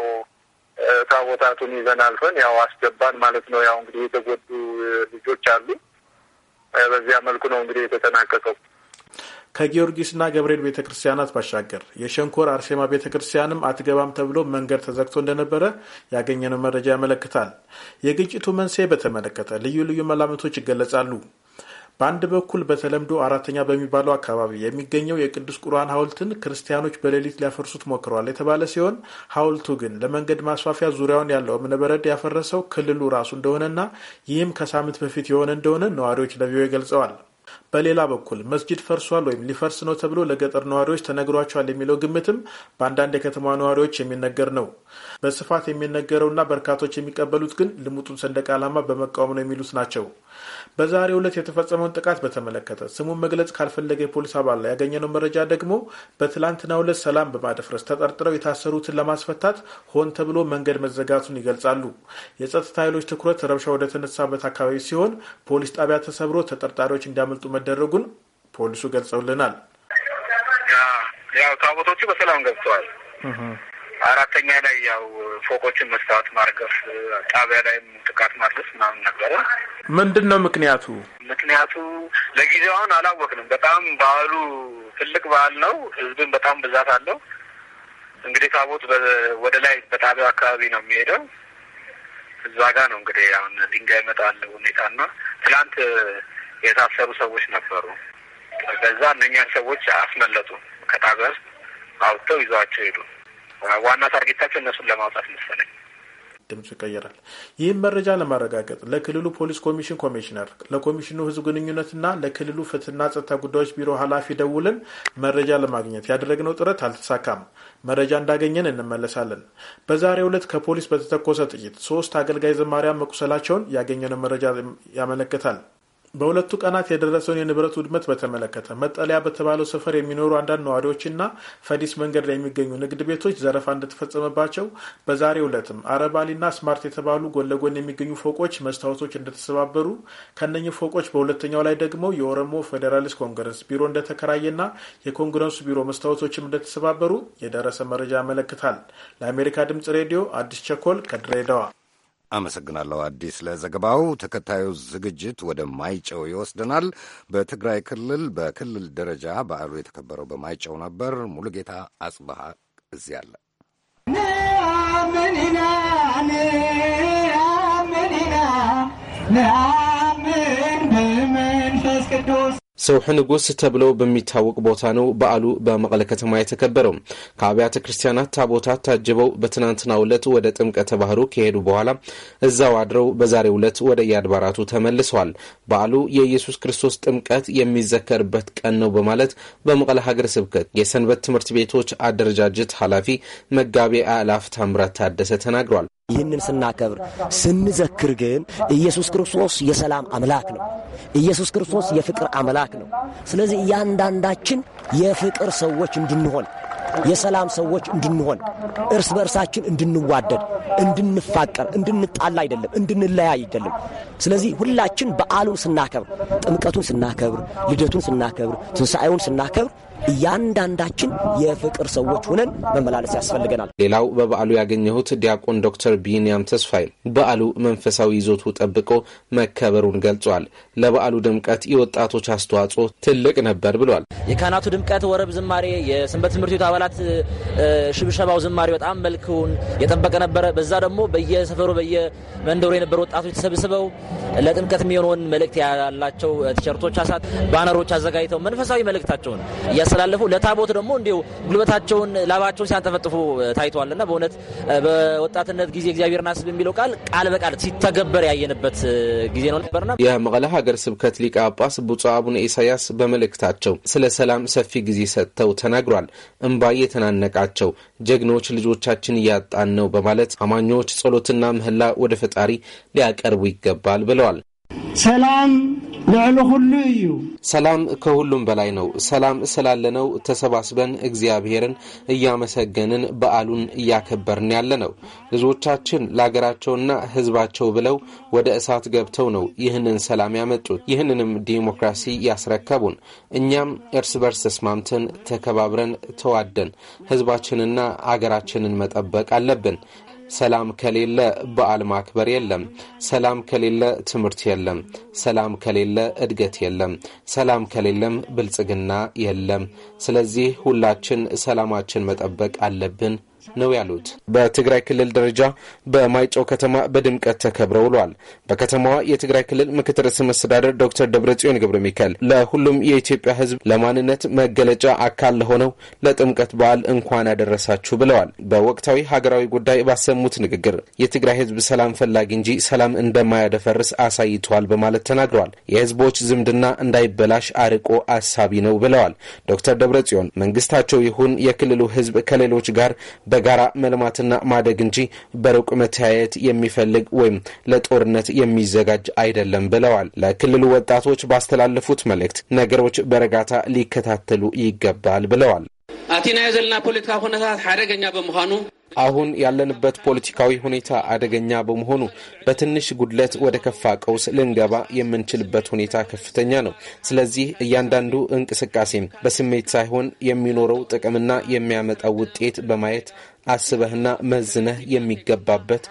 ታቦታቱን ይዘን አልፈን ያው አስገባን ማለት ነው። ያው እንግዲህ የተጎዱ ልጆች አሉ። በዚያ መልኩ ነው እንግዲህ የተጠናቀቀው። ከጊዮርጊስና ገብርኤል ቤተ ክርስቲያናት ባሻገር የሸንኮር አርሴማ ቤተ ክርስቲያንም አትገባም ተብሎ መንገድ ተዘግቶ እንደነበረ ያገኘነው መረጃ ያመለክታል። የግጭቱ መንስኤ በተመለከተ ልዩ ልዩ መላምቶች ይገለጻሉ። በአንድ በኩል በተለምዶ አራተኛ በሚባለው አካባቢ የሚገኘው የቅዱስ ቁርአን ሐውልትን ክርስቲያኖች በሌሊት ሊያፈርሱት ሞክረዋል የተባለ ሲሆን ሐውልቱ ግን ለመንገድ ማስፋፊያ ዙሪያውን ያለው እብነበረድ ያፈረሰው ክልሉ ራሱ እንደሆነና ይህም ከሳምንት በፊት የሆነ እንደሆነ ነዋሪዎች ለቪኦኤ ገልጸዋል። በሌላ በኩል መስጂድ ፈርሷል ወይም ሊፈርስ ነው ተብሎ ለገጠር ነዋሪዎች ተነግሯቸዋል የሚለው ግምትም በአንዳንድ የከተማ ነዋሪዎች የሚነገር ነው። በስፋት የሚነገረውና በርካቶች የሚቀበሉት ግን ልሙጡን ሰንደቅ ዓላማ በመቃወም ነው የሚሉት ናቸው። በዛሬው ዕለት የተፈጸመውን ጥቃት በተመለከተ ስሙን መግለጽ ካልፈለገ የፖሊስ አባል ላይ ያገኘነው መረጃ ደግሞ በትላንትናው ዕለት ሰላም በማደፍረስ ተጠርጥረው የታሰሩትን ለማስፈታት ሆን ተብሎ መንገድ መዘጋቱን ይገልጻሉ። የጸጥታ ኃይሎች ትኩረት ረብሻ ወደተነሳበት አካባቢ ሲሆን ፖሊስ ጣቢያ ተሰብሮ ተጠርጣሪዎች እንዲያመልጡ መደረጉን ፖሊሱ ገልጸውልናል። ያው ታቦቶቹ በሰላም ገብተዋል። አራተኛ ላይ ያው ፎቆችን መስታወት ማርገፍ፣ ጣቢያ ላይም ጥቃት ማድረስ ምናምን ነበረ። ምንድን ነው ምክንያቱ? ምክንያቱ ለጊዜው አሁን አላወቅንም። በጣም በዓሉ ትልቅ በዓል ነው። ህዝብን በጣም ብዛት አለው። እንግዲህ ታቦት ወደ ላይ በጣቢያው አካባቢ ነው የሚሄደው። እዛ ጋ ነው እንግዲህ አሁን ድንጋይ መጣል ሁኔታና ትላንት የታሰሩ ሰዎች ነበሩ። በዛ እነኛን ሰዎች አስመለጡ። ከጣቢያ አውተው አውጥተው ይዘዋቸው ሄዱ። ዋና ታርጌታቸው እነሱን ለማውጣት መሰለኝ። ድምፁ ይቀይራል። ይህም መረጃ ለማረጋገጥ ለክልሉ ፖሊስ ኮሚሽን ኮሚሽነር፣ ለኮሚሽኑ ህዝብ ግንኙነትና ለክልሉ ፍትህና ጸጥታ ጉዳዮች ቢሮ ኃላፊ ደውልን መረጃ ለማግኘት ያደረግነው ጥረት አልተሳካም። መረጃ እንዳገኘን እንመለሳለን። በዛሬው ዕለት ከፖሊስ በተተኮሰ ጥይት ሶስት አገልጋይ ዘማሪያን መቁሰላቸውን ያገኘነው መረጃ ያመለክታል። በሁለቱ ቀናት የደረሰውን የንብረት ውድመት በተመለከተ መጠለያ በተባለው ሰፈር የሚኖሩ አንዳንድ ነዋሪዎችና ፈዲስ መንገድ ላይ የሚገኙ ንግድ ቤቶች ዘረፋ እንደተፈጸመባቸው በዛሬው ዕለትም አረባሊና ስማርት የተባሉ ጎን ለጎን የሚገኙ ፎቆች መስታወቶች እንደተሰባበሩ ከነኚህ ፎቆች በሁለተኛው ላይ ደግሞ የኦሮሞ ፌዴራሊስት ኮንግረስ ቢሮ እንደተከራየና የኮንግረሱ ቢሮ መስታወቶችም እንደተሰባበሩ የደረሰ መረጃ ያመለክታል። ለአሜሪካ ድምጽ ሬዲዮ አዲስ ቸኮል ከድሬዳዋ አመሰግናለሁ አዲስ ለዘገባው። ተከታዩ ዝግጅት ወደ ማይጨው ይወስደናል። በትግራይ ክልል በክልል ደረጃ በዓሉ የተከበረው በማይጨው ነበር። ሙሉጌታ አጽበሃ እዚህ አለ። ንአምን ሰውሕ ንጉስ ተብሎ በሚታወቅ ቦታ ነው በዓሉ በመቀለ ከተማ የተከበረው። ከአብያተ ክርስቲያናት ታቦታት ታጅበው በትናንትና ዕለት ወደ ጥምቀተ ባህሩ ከሄዱ በኋላ እዛው አድረው በዛሬው ዕለት ወደ የአድባራቱ ተመልሰዋል። በዓሉ የኢየሱስ ክርስቶስ ጥምቀት የሚዘከርበት ቀን ነው በማለት በመቀለ ሀገር ስብከት የሰንበት ትምህርት ቤቶች አደረጃጀት ኃላፊ መጋቤ አእላፍ ታምራት ታደሰ ተናግሯል። ይህንን ስናከብር ስንዘክር ግን ኢየሱስ ክርስቶስ የሰላም አምላክ ነው። ኢየሱስ ክርስቶስ የፍቅር አምላክ ነው። ስለዚህ እያንዳንዳችን የፍቅር ሰዎች እንድንሆን የሰላም ሰዎች እንድንሆን እርስ በእርሳችን እንድንዋደድ፣ እንድንፋቀር፣ እንድንጣላ አይደለም፣ እንድንለያ አይደለም። ስለዚህ ሁላችን በዓሉን ስናከብር፣ ጥምቀቱን ስናከብር፣ ልደቱን ስናከብር፣ ትንሣኤውን ስናከብር እያንዳንዳችን የፍቅር ሰዎች ሁነን መመላለስ ያስፈልገናል። ሌላው በበዓሉ ያገኘሁት ዲያቆን ዶክተር ቢኒያም ተስፋይ በዓሉ መንፈሳዊ ይዞቱ ጠብቆ መከበሩን ገልጿል። ለበዓሉ ድምቀት የወጣቶች አስተዋጽኦ ትልቅ ነበር ብሏል። የካህናቱ ድምቀት፣ ወረብ ዝማሬ፣ የሰንበት ትምህርት ቤቱ አባላት ሽብሸባው ዝማሬ በጣም መልክውን የጠበቀ ነበረ። በዛ ደግሞ በየሰፈሩ በየመንደሩ የነበሩ ወጣቶች ተሰብስበው ለጥምቀት የሚሆነውን መልእክት ያላቸው ቲሸርቶች፣ አሳት፣ ባነሮች አዘጋጅተው መንፈሳዊ መልእክታቸውን ስላለፉ ለታቦት ደግሞ እንዲሁ ጉልበታቸውን ላባቸውን ሲያንጠፈጥፉ ታይተዋልና በእውነት በወጣትነት ጊዜ እግዚአብሔር ናስብ የሚለው ቃል ቃል በቃል ሲተገበር ያየንበት ጊዜ ነው ነበርና የመቀለ ሀገር ስብከት ሊቀ ጳጳስ ብፁዕ አቡነ ኢሳያስ በመልእክታቸው ስለ ሰላም ሰፊ ጊዜ ሰጥተው ተናግሯል። እምባ የተናነቃቸው ጀግኖች ልጆቻችን እያጣን ነው በማለት አማኞች ጸሎትና ምህላ ወደ ፈጣሪ ሊያቀርቡ ይገባል ብለዋል። ሰላም ልዕሊ ኩሉ እዩ። ሰላም ከሁሉም በላይ ነው። ሰላም ስላለነው ተሰባስበን እግዚአብሔርን እያመሰገንን በዓሉን እያከበርን ያለ ነው። ህዝቦቻችን ለሀገራቸውና ህዝባቸው ብለው ወደ እሳት ገብተው ነው ይህንን ሰላም ያመጡት፣ ይህንንም ዲሞክራሲ ያስረከቡን። እኛም እርስ በርስ ተስማምተን ተከባብረን ተዋደን ህዝባችንና አገራችንን መጠበቅ አለብን። ሰላም ከሌለ በዓል ማክበር የለም። ሰላም ከሌለ ትምህርት የለም። ሰላም ከሌለ እድገት የለም። ሰላም ከሌለም ብልጽግና የለም። ስለዚህ ሁላችን ሰላማችን መጠበቅ አለብን ነው ያሉት። በትግራይ ክልል ደረጃ በማይጨው ከተማ በድምቀት ተከብረ ውሏል። በከተማዋ የትግራይ ክልል ምክትል ርዕሰ መስተዳደር ዶክተር ደብረጽዮን ገብረ ሚካኤል ለሁሉም የኢትዮጵያ ሕዝብ ለማንነት መገለጫ አካል ለሆነው ለጥምቀት በዓል እንኳን ያደረሳችሁ ብለዋል። በወቅታዊ ሀገራዊ ጉዳይ ባሰሙት ንግግር የትግራይ ሕዝብ ሰላም ፈላጊ እንጂ ሰላም እንደማያደፈርስ አሳይተዋል በማለት ተናግረዋል። የሕዝቦች ዝምድና እንዳይበላሽ አርቆ አሳቢ ነው ብለዋል። ዶክተር ደብረጽዮን መንግስታቸው ይሁን የክልሉ ሕዝብ ከሌሎች ጋር በጋራ መልማትና ማደግ እንጂ በሩቅ መተያየት የሚፈልግ ወይም ለጦርነት የሚዘጋጅ አይደለም ብለዋል። ለክልሉ ወጣቶች ባስተላለፉት መልእክት ነገሮች በረጋታ ሊከታተሉ ይገባል ብለዋል። አቲ ናይ ዘለና ፖለቲካ ኩነታት ሓደገኛ ብምዃኑ አሁን ያለንበት ፖለቲካዊ ሁኔታ አደገኛ በመሆኑ በትንሽ ጉድለት ወደ ከፋ ቀውስ ልንገባ የምንችልበት ሁኔታ ከፍተኛ ነው። ስለዚህ እያንዳንዱ እንቅስቃሴም በስሜት ሳይሆን የሚኖረው ጥቅምና የሚያመጣው ውጤት በማየት አስበህና መዝነህ የሚገባበት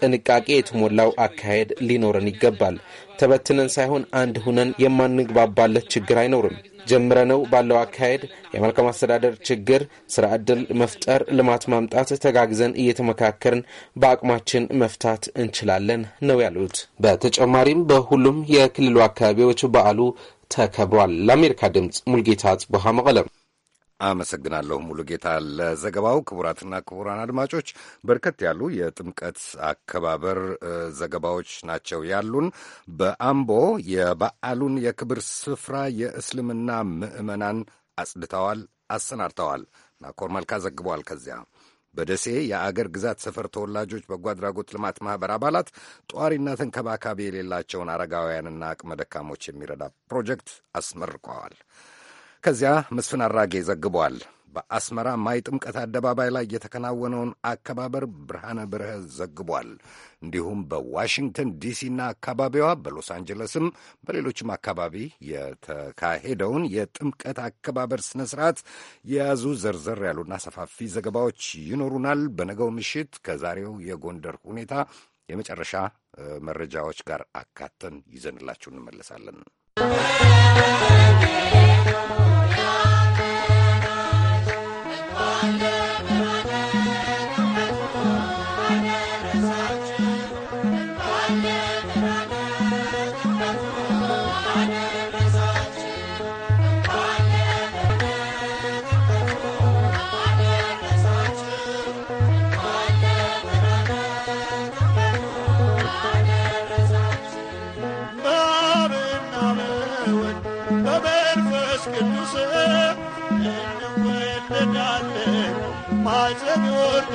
ጥንቃቄ የተሞላው አካሄድ ሊኖረን ይገባል። ተበትነን ሳይሆን አንድ ሁነን የማንግባባለት ችግር አይኖርም። ጀምረነው ባለው አካሄድ የመልካም አስተዳደር ችግር፣ ስራ ዕድል መፍጠር፣ ልማት ማምጣት፣ ተጋግዘን እየተመካከርን በአቅማችን መፍታት እንችላለን ነው ያሉት። በተጨማሪም በሁሉም የክልሉ አካባቢዎች በዓሉ ተከብሯል። ለአሜሪካ ድምፅ ሙልጌታ ጽቡሃ መቀለም አመሰግናለሁ ሙሉጌታ ለዘገባው። ክቡራትና ክቡራን አድማጮች በርከት ያሉ የጥምቀት አከባበር ዘገባዎች ናቸው ያሉን። በአምቦ የበዓሉን የክብር ስፍራ የእስልምና ምዕመናን አጽድተዋል፣ አሰናድተዋል። ናኮር መልካ ዘግቧል። ከዚያ በደሴ የአገር ግዛት ሰፈር ተወላጆች በጎ አድራጎት ልማት ማኅበር አባላት ጧሪና ተንከባካቢ የሌላቸውን አረጋውያንና አቅመ ደካሞች የሚረዳ ፕሮጀክት አስመርቀዋል። ከዚያ መስፍን አራጌ ዘግቧል። በአስመራ ማይ ጥምቀት አደባባይ ላይ የተከናወነውን አከባበር ብርሃነ ብርህ ዘግቧል። እንዲሁም በዋሽንግተን ዲሲና አካባቢዋ፣ በሎስ አንጀለስም በሌሎችም አካባቢ የተካሄደውን የጥምቀት አከባበር ስነ ስርዓት የያዙ ዘርዘር ያሉና ሰፋፊ ዘገባዎች ይኖሩናል። በነገው ምሽት ከዛሬው የጎንደር ሁኔታ የመጨረሻ መረጃዎች ጋር አካተን ይዘንላችሁ እንመለሳለን።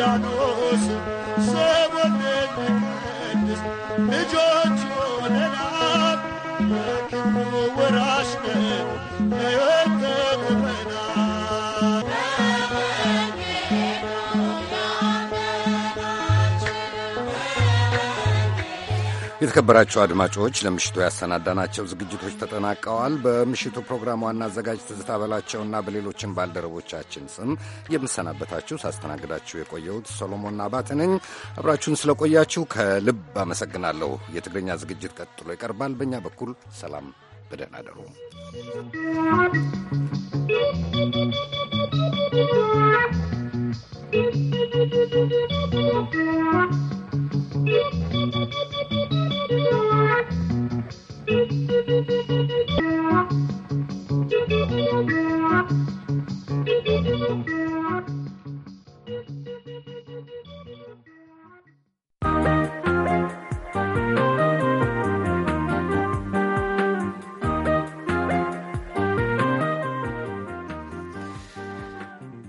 I know. የተከበራችሁ አድማጮች ለምሽቱ ያሰናዳናቸው ዝግጅቶች ተጠናቀዋል። በምሽቱ ፕሮግራም ዋና አዘጋጅ ትዝታ በላቸውና በሌሎችን ባልደረቦቻችን ስም የምሰናበታችሁ ሳስተናግዳችሁ የቆየሁት ሰሎሞን አባት ነኝ። አብራችሁን ስለቆያችሁ ከልብ አመሰግናለሁ። የትግርኛ ዝግጅት ቀጥሎ ይቀርባል። በእኛ በኩል ሰላም፣ በደህና አደሩ።